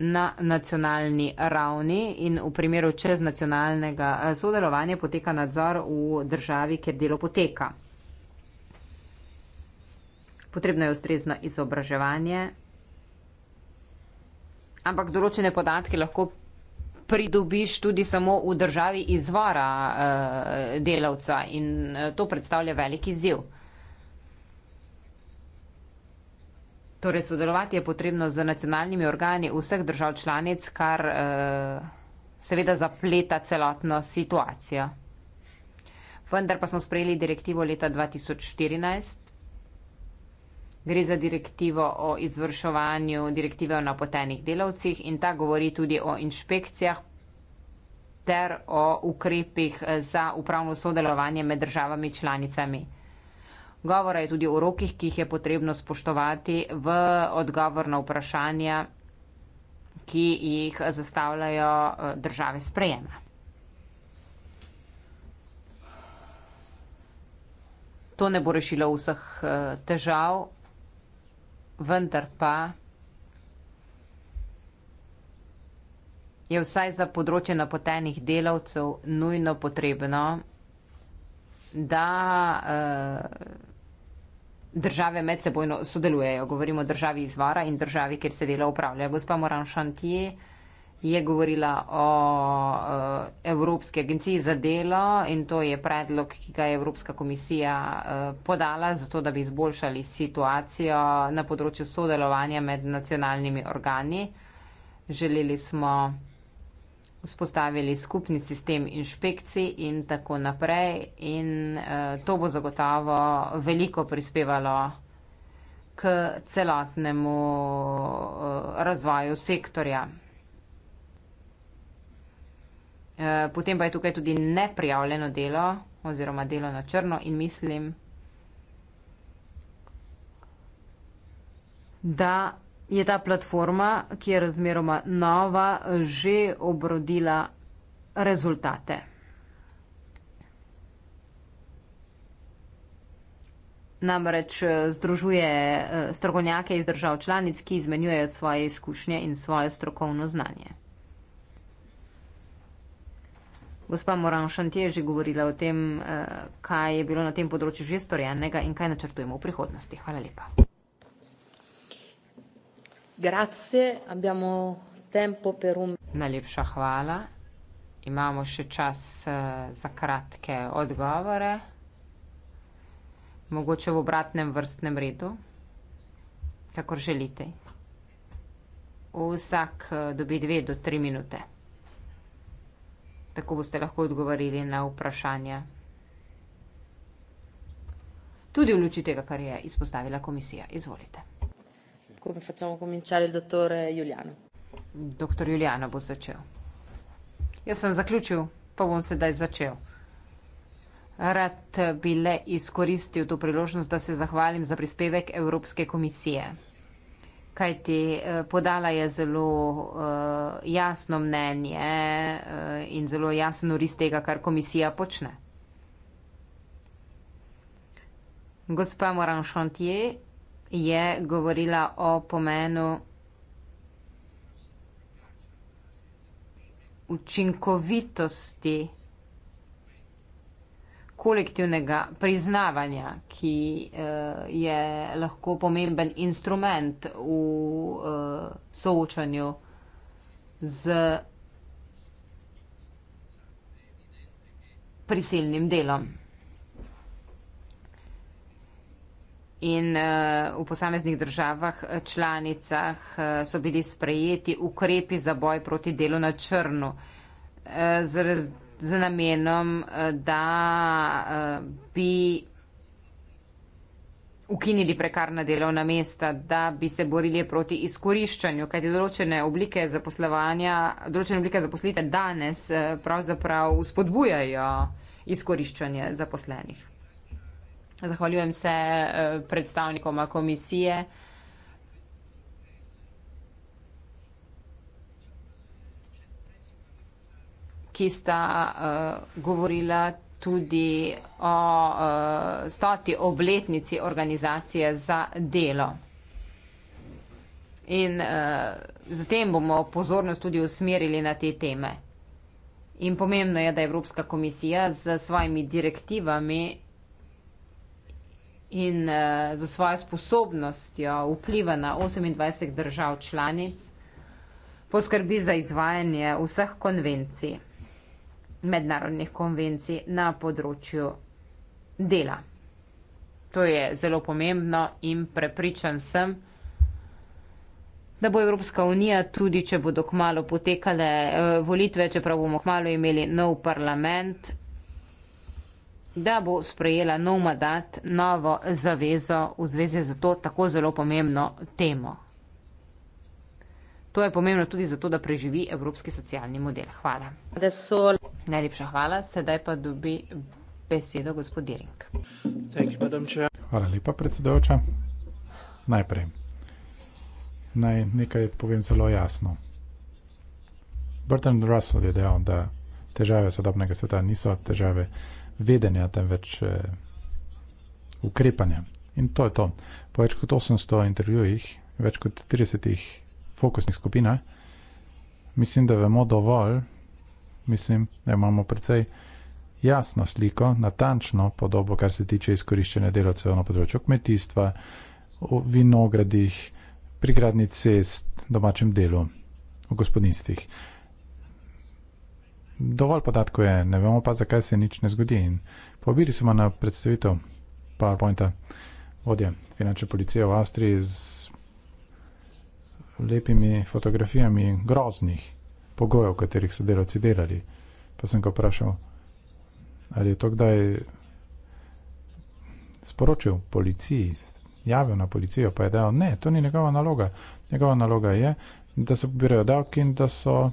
C: na nacionalni ravni in v primeru čez nacionalnega sodelovanja poteka nadzor v državi, kjer delo poteka potrebno je ustrezno izobraževanje, ampak določene podatke lahko pridobiš tudi samo v državi izvora uh, delavca in eh, to predstavlja veliki ziv. Torej, sodelovati je potrebno z nacionalnimi organi vseh držav članic, kar uh, seveda zapleta celotno situacijo. Vendar pa smo sprejeli direktivo leta 2014 Gre za direktivo o izvrševanju direktive o napotenih delavcih in ta govori tudi o inšpekcijah ter o ukrepih eh, za upravno sodelovanje med državami članicami. Govora je tudi o rokih, ki jih je potrebno spoštovati v odgovor na vprašanja, ki jih zastavljajo eh, države sprejema. To ne bo rešilo vseh eh, težav, vendar pa je vsaj za področje napotenih delavcev nujno potrebno, da eh, države med sebojno sodelujejo. Govorimo o državi izvara in državi, kjer se dela upravlja. Gospa Moran Šantije je govorila o uh, Evropski agenciji za delo in to je predlog, ki ga je Evropska komisija uh, podala, zato da bi izboljšali situacijo na področju sodelovanja med nacionalnimi organi. Želeli smo vzpostavili skupni sistem inšpekcij in tako naprej in uh, to bo zagotovo veliko prispevalo k celotnemu uh, razvoju sektorja. Eh, potem pa je tukaj tudi neprijavljeno delo oziroma delo na črno in mislim, da je ta platforma, ki je razmeroma nova, že obrodila rezultate. Namreč eh, združuje eh, strokovnjake iz držav članic, ki izmenjujejo svoje izkušnje in svoje strokovno znanje. Gospa Moran Šantje je že govorila o tem, eh, kaj je bilo na tem področju že storjenega in kaj načrtujemo v prihodnosti. Hvala lepa. Grazie, abbiamo tempo per un... Najlepša hvala. Imamo še čas eh, za kratke odgovore. Mogoče v obratnem vrstnem redu, kakor želite. Vsak eh, dobi dve do tri minute tako boste lahko odgovorili na vprašanja. Tudi v luči tega, kar je izpostavila komisija. Izvolite. Doktor Juliano. doktor Juliano bo začel. Jaz sem zaključil, pa bom sedaj začel. Rad bi le izkoristil to priložnost, da se zahvalim za prispevek Evropske komisije kajti eh, podala je zelo eh, jasno mnenje eh, in zelo jasen uris tega, kar komisija počne. Gospa Moran Chantier je govorila o pomenu učinkovitosti kolektivnega priznavanja, ki uh, je lahko pomemben instrument v uh, soočanju z prisilnim delom. In uh, v posameznih državah članicah uh, so bili sprejeti ukrepi za boj proti delu na črnu. Uh, z namenom, eh, da eh, bi ukinili prekarna delovna mesta, da bi se borili proti izkoriščanju, kajti določene oblike zaposlovanja, določene oblike zaposlite danes eh, pravzaprav spodbujajo izkoriščanje zaposlenih. Zahvaljujem se predstavnikom komisije. ki sta uh, govorila tudi o uh, stoti obletnici organizacije za delo. In uh, eh, zatem bomo pozornost tudi usmerili na te teme. In pomembno je, da Evropska komisija z svojimi direktivami in uh, z svojo sposobnostjo vpliva na 28 držav članic poskrbi za izvajanje vseh konvencij mednarodnih konvencij na področju dela. To je zelo pomembno in prepričan sem, da bo Evropska unija, tudi če bodo kmalo potekale eh, volitve, čeprav bomo kmalo imeli nov parlament, da bo sprejela nov mandat, novo zavezo v zvezi z to tako zelo pomembno temo. To je pomembno tudi zato, da preživi evropski socialni model. Hvala. Desol. Najlepša hvala. Sedaj pa dobi besedo gospod Dering.
A: Hvala lepa, predsedovča. Najprej. Naj nekaj povem zelo jasno. Bertrand Russell je dejal, da težave sodobnega sveta niso težave vedenja, temveč eh, ukrepanja. In to je to. Po več kot 800 intervjujih, več kot 30 fokusnih skupinah, mislim, da vemo dovolj, mislim, da imamo precej jasno sliko, natančno podobo, kar se tiče izkoriščene delavcev na področju kmetijstva, v vinogradih, pri gradni cest, domačem delu, v gospodinstvih. Dovolj podatkov je, ne vemo pa, zakaj se nič ne zgodi. In pobili smo na predstavitev PowerPointa vodje finančne policije v Avstriji z lepimi fotografijami groznih pogojev, v katerih so delavci delali. Pa sem ga vprašal, ali je to kdaj sporočil policiji, javil na policijo, pa je dejal, ne, to ni njegova naloga. Njegova naloga je, da se pobirajo davki in da so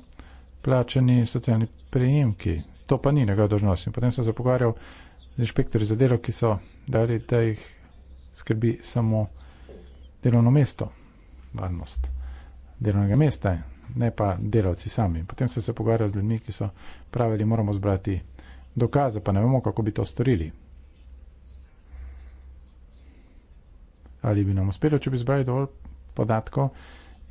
A: plačeni socialni prejemki. To pa ni njegova dožnost. In potem sem se pogovarjal z inšpektorji za delo, ki so dali, da jih skrbi samo delovno mesto, varnost delovnega mesta, ne pa delavci sami. Potem sem se pogovarjal z ljudmi, ki so pravili, moramo zbrati dokaze, pa ne vemo, kako bi to storili. Ali bi nam uspelo, če bi zbrali dovolj podatkov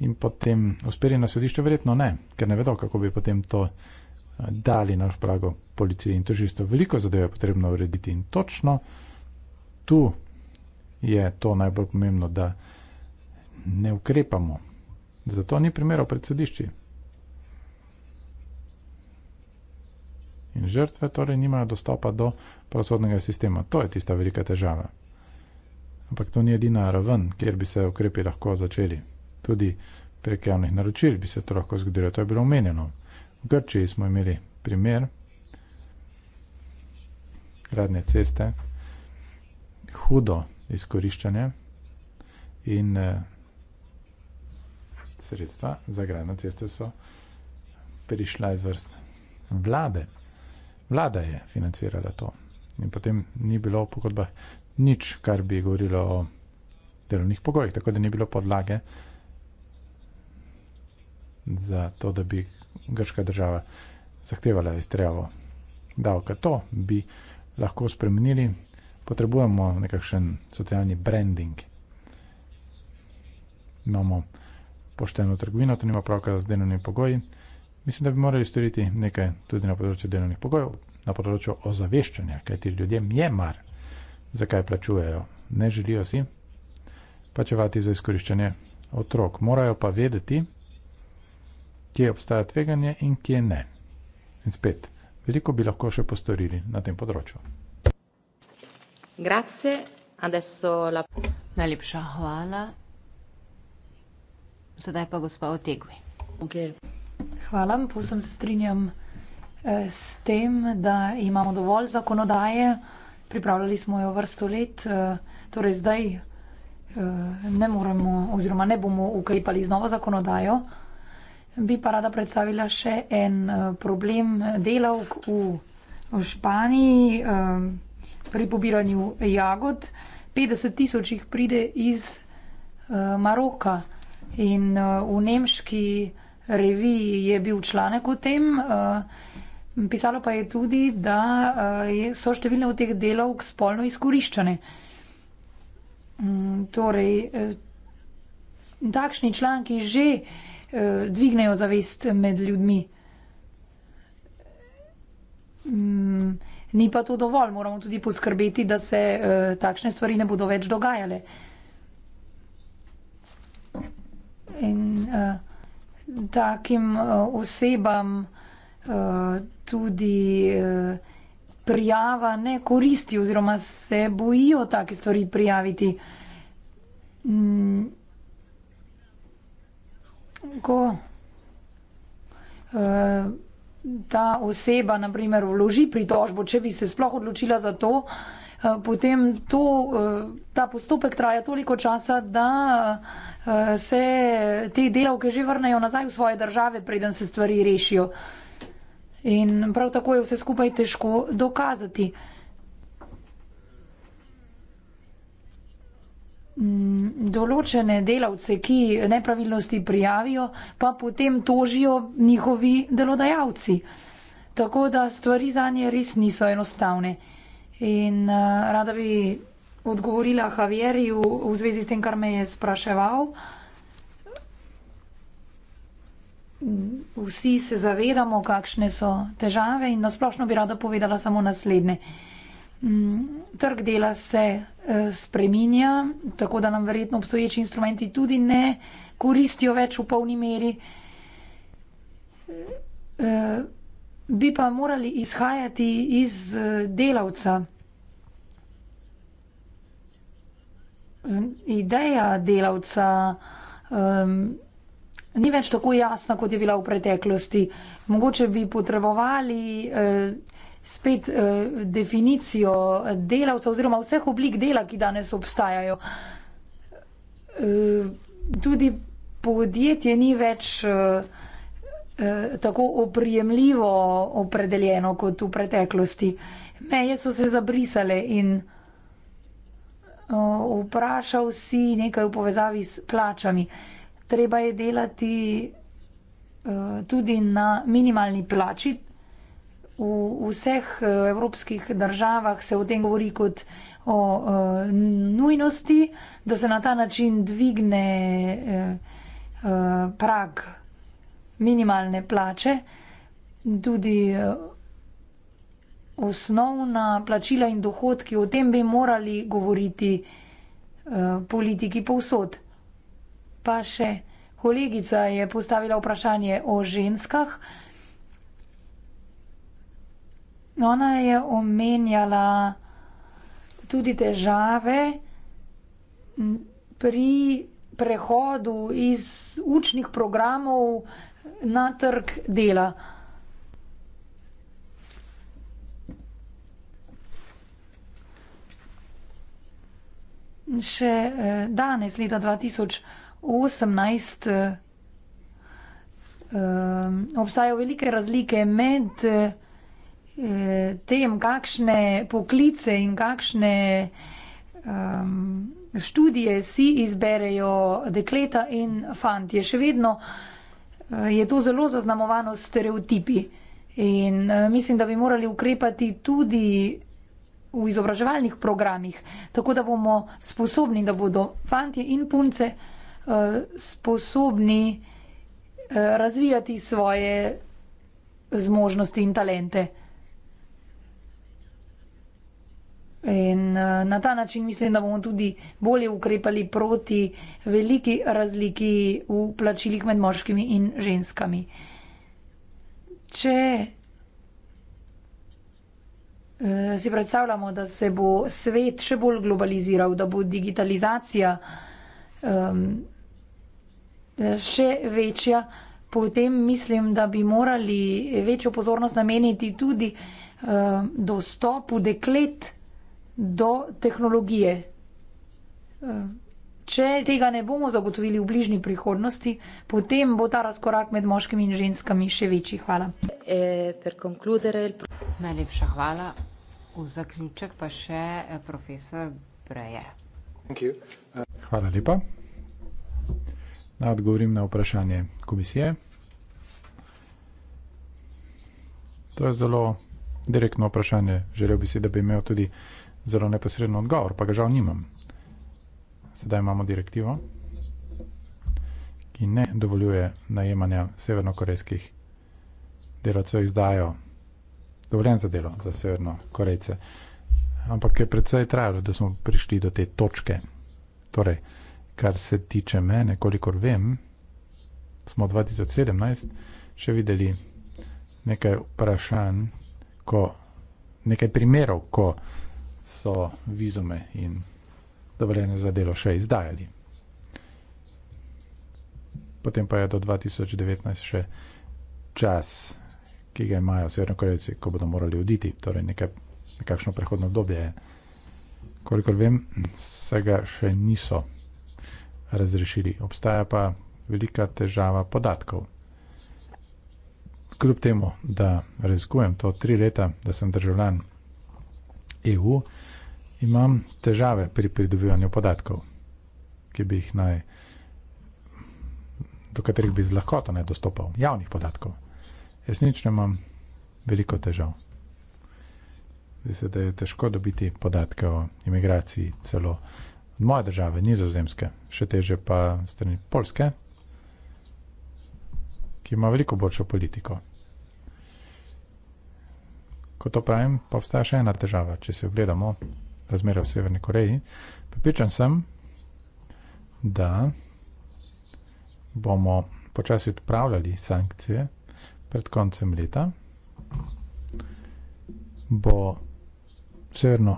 A: in potem uspeli na sodišču, verjetno ne, ker ne vedo, kako bi potem to eh, dali na razpolago policiji in tožilstvo. Veliko zadev je potrebno urediti in točno tu je to najbolj pomembno, da ne ukrepamo. Zato ni primerov pred sodišči. In žrtve torej nimajo dostopa do pravosodnega sistema. To je tista velika težava. Ampak to ni edina raven, kjer bi se ukrepi lahko začeli. Tudi prek javnih naročil bi se to lahko zgodilo. To je bilo omenjeno. V Grčiji smo imeli primer gradnje ceste, hudo izkoriščanje in eh, sredstva za gradno ceste so prišla iz vrst vlade. Vlada je financirala to. In potem ni bilo v pogodbah nič, kar bi govorilo o delovnih pogojih, tako da ni bilo podlage za to, da bi grška država zahtevala izterjavo davka. To bi lahko spremenili. Potrebujemo nekakšen socialni branding. Imamo no, pošteno trgovino, to nima pravka z delovnimi pogoji. Mislim, da bi morali storiti nekaj tudi na področju delovnih pogojev, na področju ozaveščanja, kaj ti ljudem je mar, zakaj plačujejo. Ne želijo si plačevati za izkoriščanje otrok. Morajo pa vedeti, kje obstaja tveganje in kje ne. In spet, veliko bi lahko še postorili na tem področju.
C: Grazie. Adesso la... Najlepša hvala.
B: Sedaj pa gospa Otegvi. Okay. Hvala, posem se strinjam eh, s tem, da imamo dovolj zakonodaje, pripravljali smo jo vrsto let, eh, torej zdaj eh, ne moremo oziroma ne bomo ukrepali z novo zakonodajo. Bi pa rada predstavila še en problem delavk v Španiji pri pobiranju jagod. 50 tisoč jih pride iz Maroka. In uh, v nemški reviji je bil članek o tem. Uh, pisalo pa je tudi, da uh, so številne od teh delov spolno izkoriščene. Um, mm, torej, uh, takšni članki že uh, dvignejo zavest med ljudmi. Um, ni pa to dovolj, moramo tudi poskrbeti, da se uh, takšne stvari ne bodo več dogajale. Uh, in uh, takim uh, osebam uh, tudi uh, prijava ne koristi oziroma se bojijo take stvari prijaviti. Mm, ko uh, ta oseba, na primer, vloži pritožbo, če bi se sploh odločila za to, uh, potem to, uh, ta postopek traja toliko časa, da uh, se te delavke že vrnejo nazaj v svoje države, preden se stvari rešijo. In prav tako je vse skupaj težko dokazati. Mm, določene delavce, ki nepravilnosti prijavijo, pa potem tožijo njihovi delodajalci. Tako da stvari za nje res niso enostavne. In uh, rada bi odgovorila Javierju v zvezi s tem, kar me je spraševal. Vsi se zavedamo, kakšne so težave in nasplošno bi rada povedala samo naslednje. Mm, trg dela se e, spreminja, tako da nam verjetno obstoječi instrumenti tudi ne koristijo več v polni meri. E, e, bi pa morali izhajati iz delavca. Um, ideja delavca um, ni več tako jasna, kot je bila v preteklosti. Mogoče bi potrebovali uh, spet uh, definicijo delavca oziroma vseh oblik dela, ki danes obstajajo. Uh, tudi podjetje ni več. Uh, tako oprijemljivo opredeljeno kot v preteklosti. Meje so se zabrisale in Eh, vprašal si nekaj v povezavi s plačami. Treba je delati eh, tudi na minimalni plači. V vseh eh, evropskih državah se o tem govori kot o nujnosti, da se na ta način dvigne prag minimalne plače. Tudi osnovna plačila in dohodki, o tem bi morali govoriti eh, politiki povsod. Pa še kolegica je postavila vprašanje o ženskah. Ona je omenjala tudi težave pri prehodu iz učnih programov na trg dela. še eh, danes, leta 2018, eh, eh, obstajajo velike razlike med tem, kakšne poklice in kakšne študije si izberejo dekleta in fantje. Še vedno je to zelo zaznamovano s stereotipi. In mislim, da bi morali ukrepati tudi v izobraževalnih programih, tako da bomo sposobni, da bodo fanti in punce eh, sposobni eh, razvijati svoje zmožnosti in talente. In eh, na ta način mislim, da bomo tudi bolje ukrepali proti veliki razliki v plačilih med moškimi in ženskami. Če Eh, si predstavljamo, da se bo svet še bolj globaliziral, da bo digitalizacija um, še večja, potem mislim, da bi morali večjo pozornost nameniti tudi um, dostopu deklet do tehnologije. Um, Če tega ne bomo zagotovili v bližnji prihodnosti, potem bo ta razkorak med moškimi in ženskami še večji. Hvala. E, Najlepša hvala. V zaključek pa še eh, profesor
C: Breyer.
A: Hvala lepa. Naj odgovorim na vprašanje komisije. To je zelo direktno vprašanje. Želel bi si, da bi imel tudi zelo neposredno odgovor, pa ga žal nimam. Sedaj imamo direktivo, ki ne dovoljuje najemanja severnokorejskih delavcev izdajo dovoljen za delo za Severno Korejce. Ampak je predvsej trajalo, da smo prišli do te točke. Torej, kar se tiče mene, kolikor vem, smo 2017 še videli nekaj vprašanj, ko, nekaj primerov, ko so vizume in dovoljene za delo še izdajali. Potem pa je do 2019 še čas ki ga imajo severno korejci, ko bodo morali oditi, torej nekaj, nekakšno prehodno obdobje. Kolikor vem, se ga še niso razrešili. Obstaja pa velika težava podatkov. Kljub temu, da raziskujem to tri leta, da sem državljan EU, imam težave pri pridobivanju podatkov, ki bi jih naj, do katerih bi z lahkoto ne dostopal, javnih podatkov. Jaz nič ne imam veliko težav. Zdaj, da je težko dobiti podatke o imigraciji celo od moje države, nizozemske, še teže pa strani Polske, ki ima veliko boljšo politiko. Ko to pravim, pa obstaja še ena težava. Če se ogledamo razmere v Severni Koreji, pripričan sem, da bomo počasi odpravljali sankcije pred koncem leta bo severno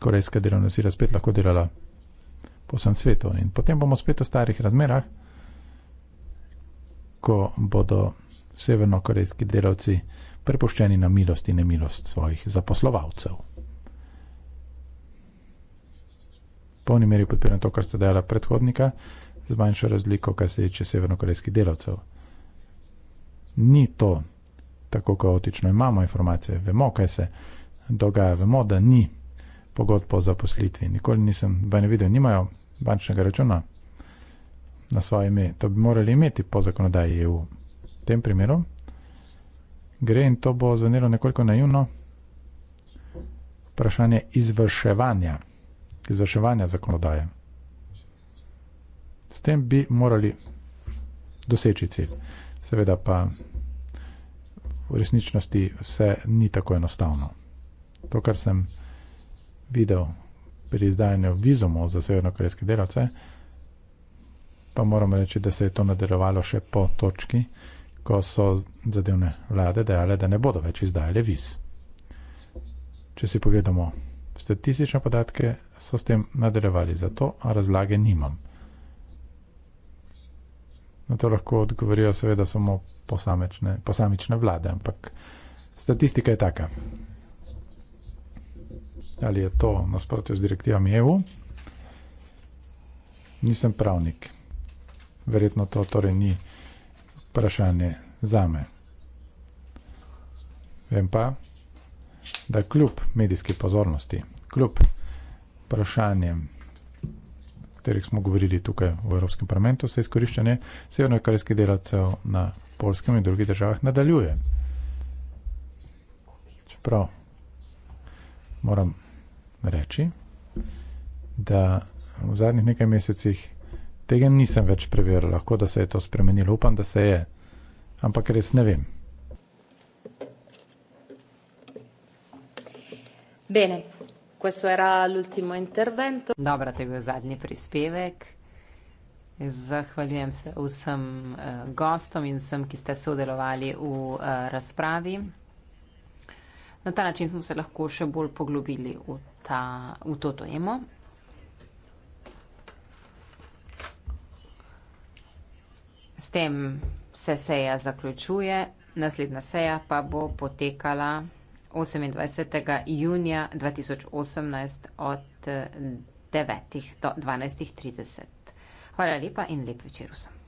A: korejska delovna sila spet lahko delala po vsem svetu in potem bomo spet v starih razmerah, ko bodo severno korejski delavci prepuščeni na milost in nemilost svojih zaposlovalcev. Polni meri podpiram to, kar ste dala predhodnika, z manjšo razliko, kar se tiče severno korejskih delavcev ni to tako kaotično. Imamo informacije, vemo, kaj se dogaja, vemo, da ni pogodb o zaposlitvi. Nikoli nisem, baj ne videl, nimajo bančnega računa na svoje ime. To bi morali imeti po zakonodaji EU. V tem primeru gre in to bo zvenelo nekoliko naivno vprašanje izvrševanja, izvrševanja zakonodaje. S tem bi morali doseči cilj. Seveda pa v resničnosti vse ni tako enostavno. To, kar sem videl pri izdajanju vizumov za severnokorejske delavce, pa moram reči, da se je to nadaljevalo še po točki, ko so zadevne vlade dejale, da ne bodo več izdajale viz. Če si pogledamo statistične podatke, so s tem nadaljevali, zato razlage nimam. Na to lahko odgovorijo seveda samo posamične, posamične vlade, ampak statistika je taka. Ali je to nasprotje z direktivami EU? Nisem pravnik. Verjetno to torej ni vprašanje za me. Vem pa, da kljub medijski pozornosti, kljub vprašanjem katerih smo govorili tukaj v Evropskem parlamentu, se izkoriščanje severnokorejskih delavcev na polskem in drugih državah nadaljuje. Čeprav moram reči, da v zadnjih nekaj mesecih tega nisem več preveril, lahko da se je to spremenilo, upam, da se je, ampak res ne vem.
C: Bene, questo era l'ultimo intervento. Dobro, to je bil zadnji prispevek. Zahvaljujem se vsem uh, gostom in vsem, ki ste sodelovali v uh, razpravi. Na ta način smo se lahko še bolj poglobili v, ta, v to temo. S tem se seja zaključuje, naslednja seja pa bo potekala. 28. junija 2018 od 9 do 12.30. Hvala lepa in lep večer vsem.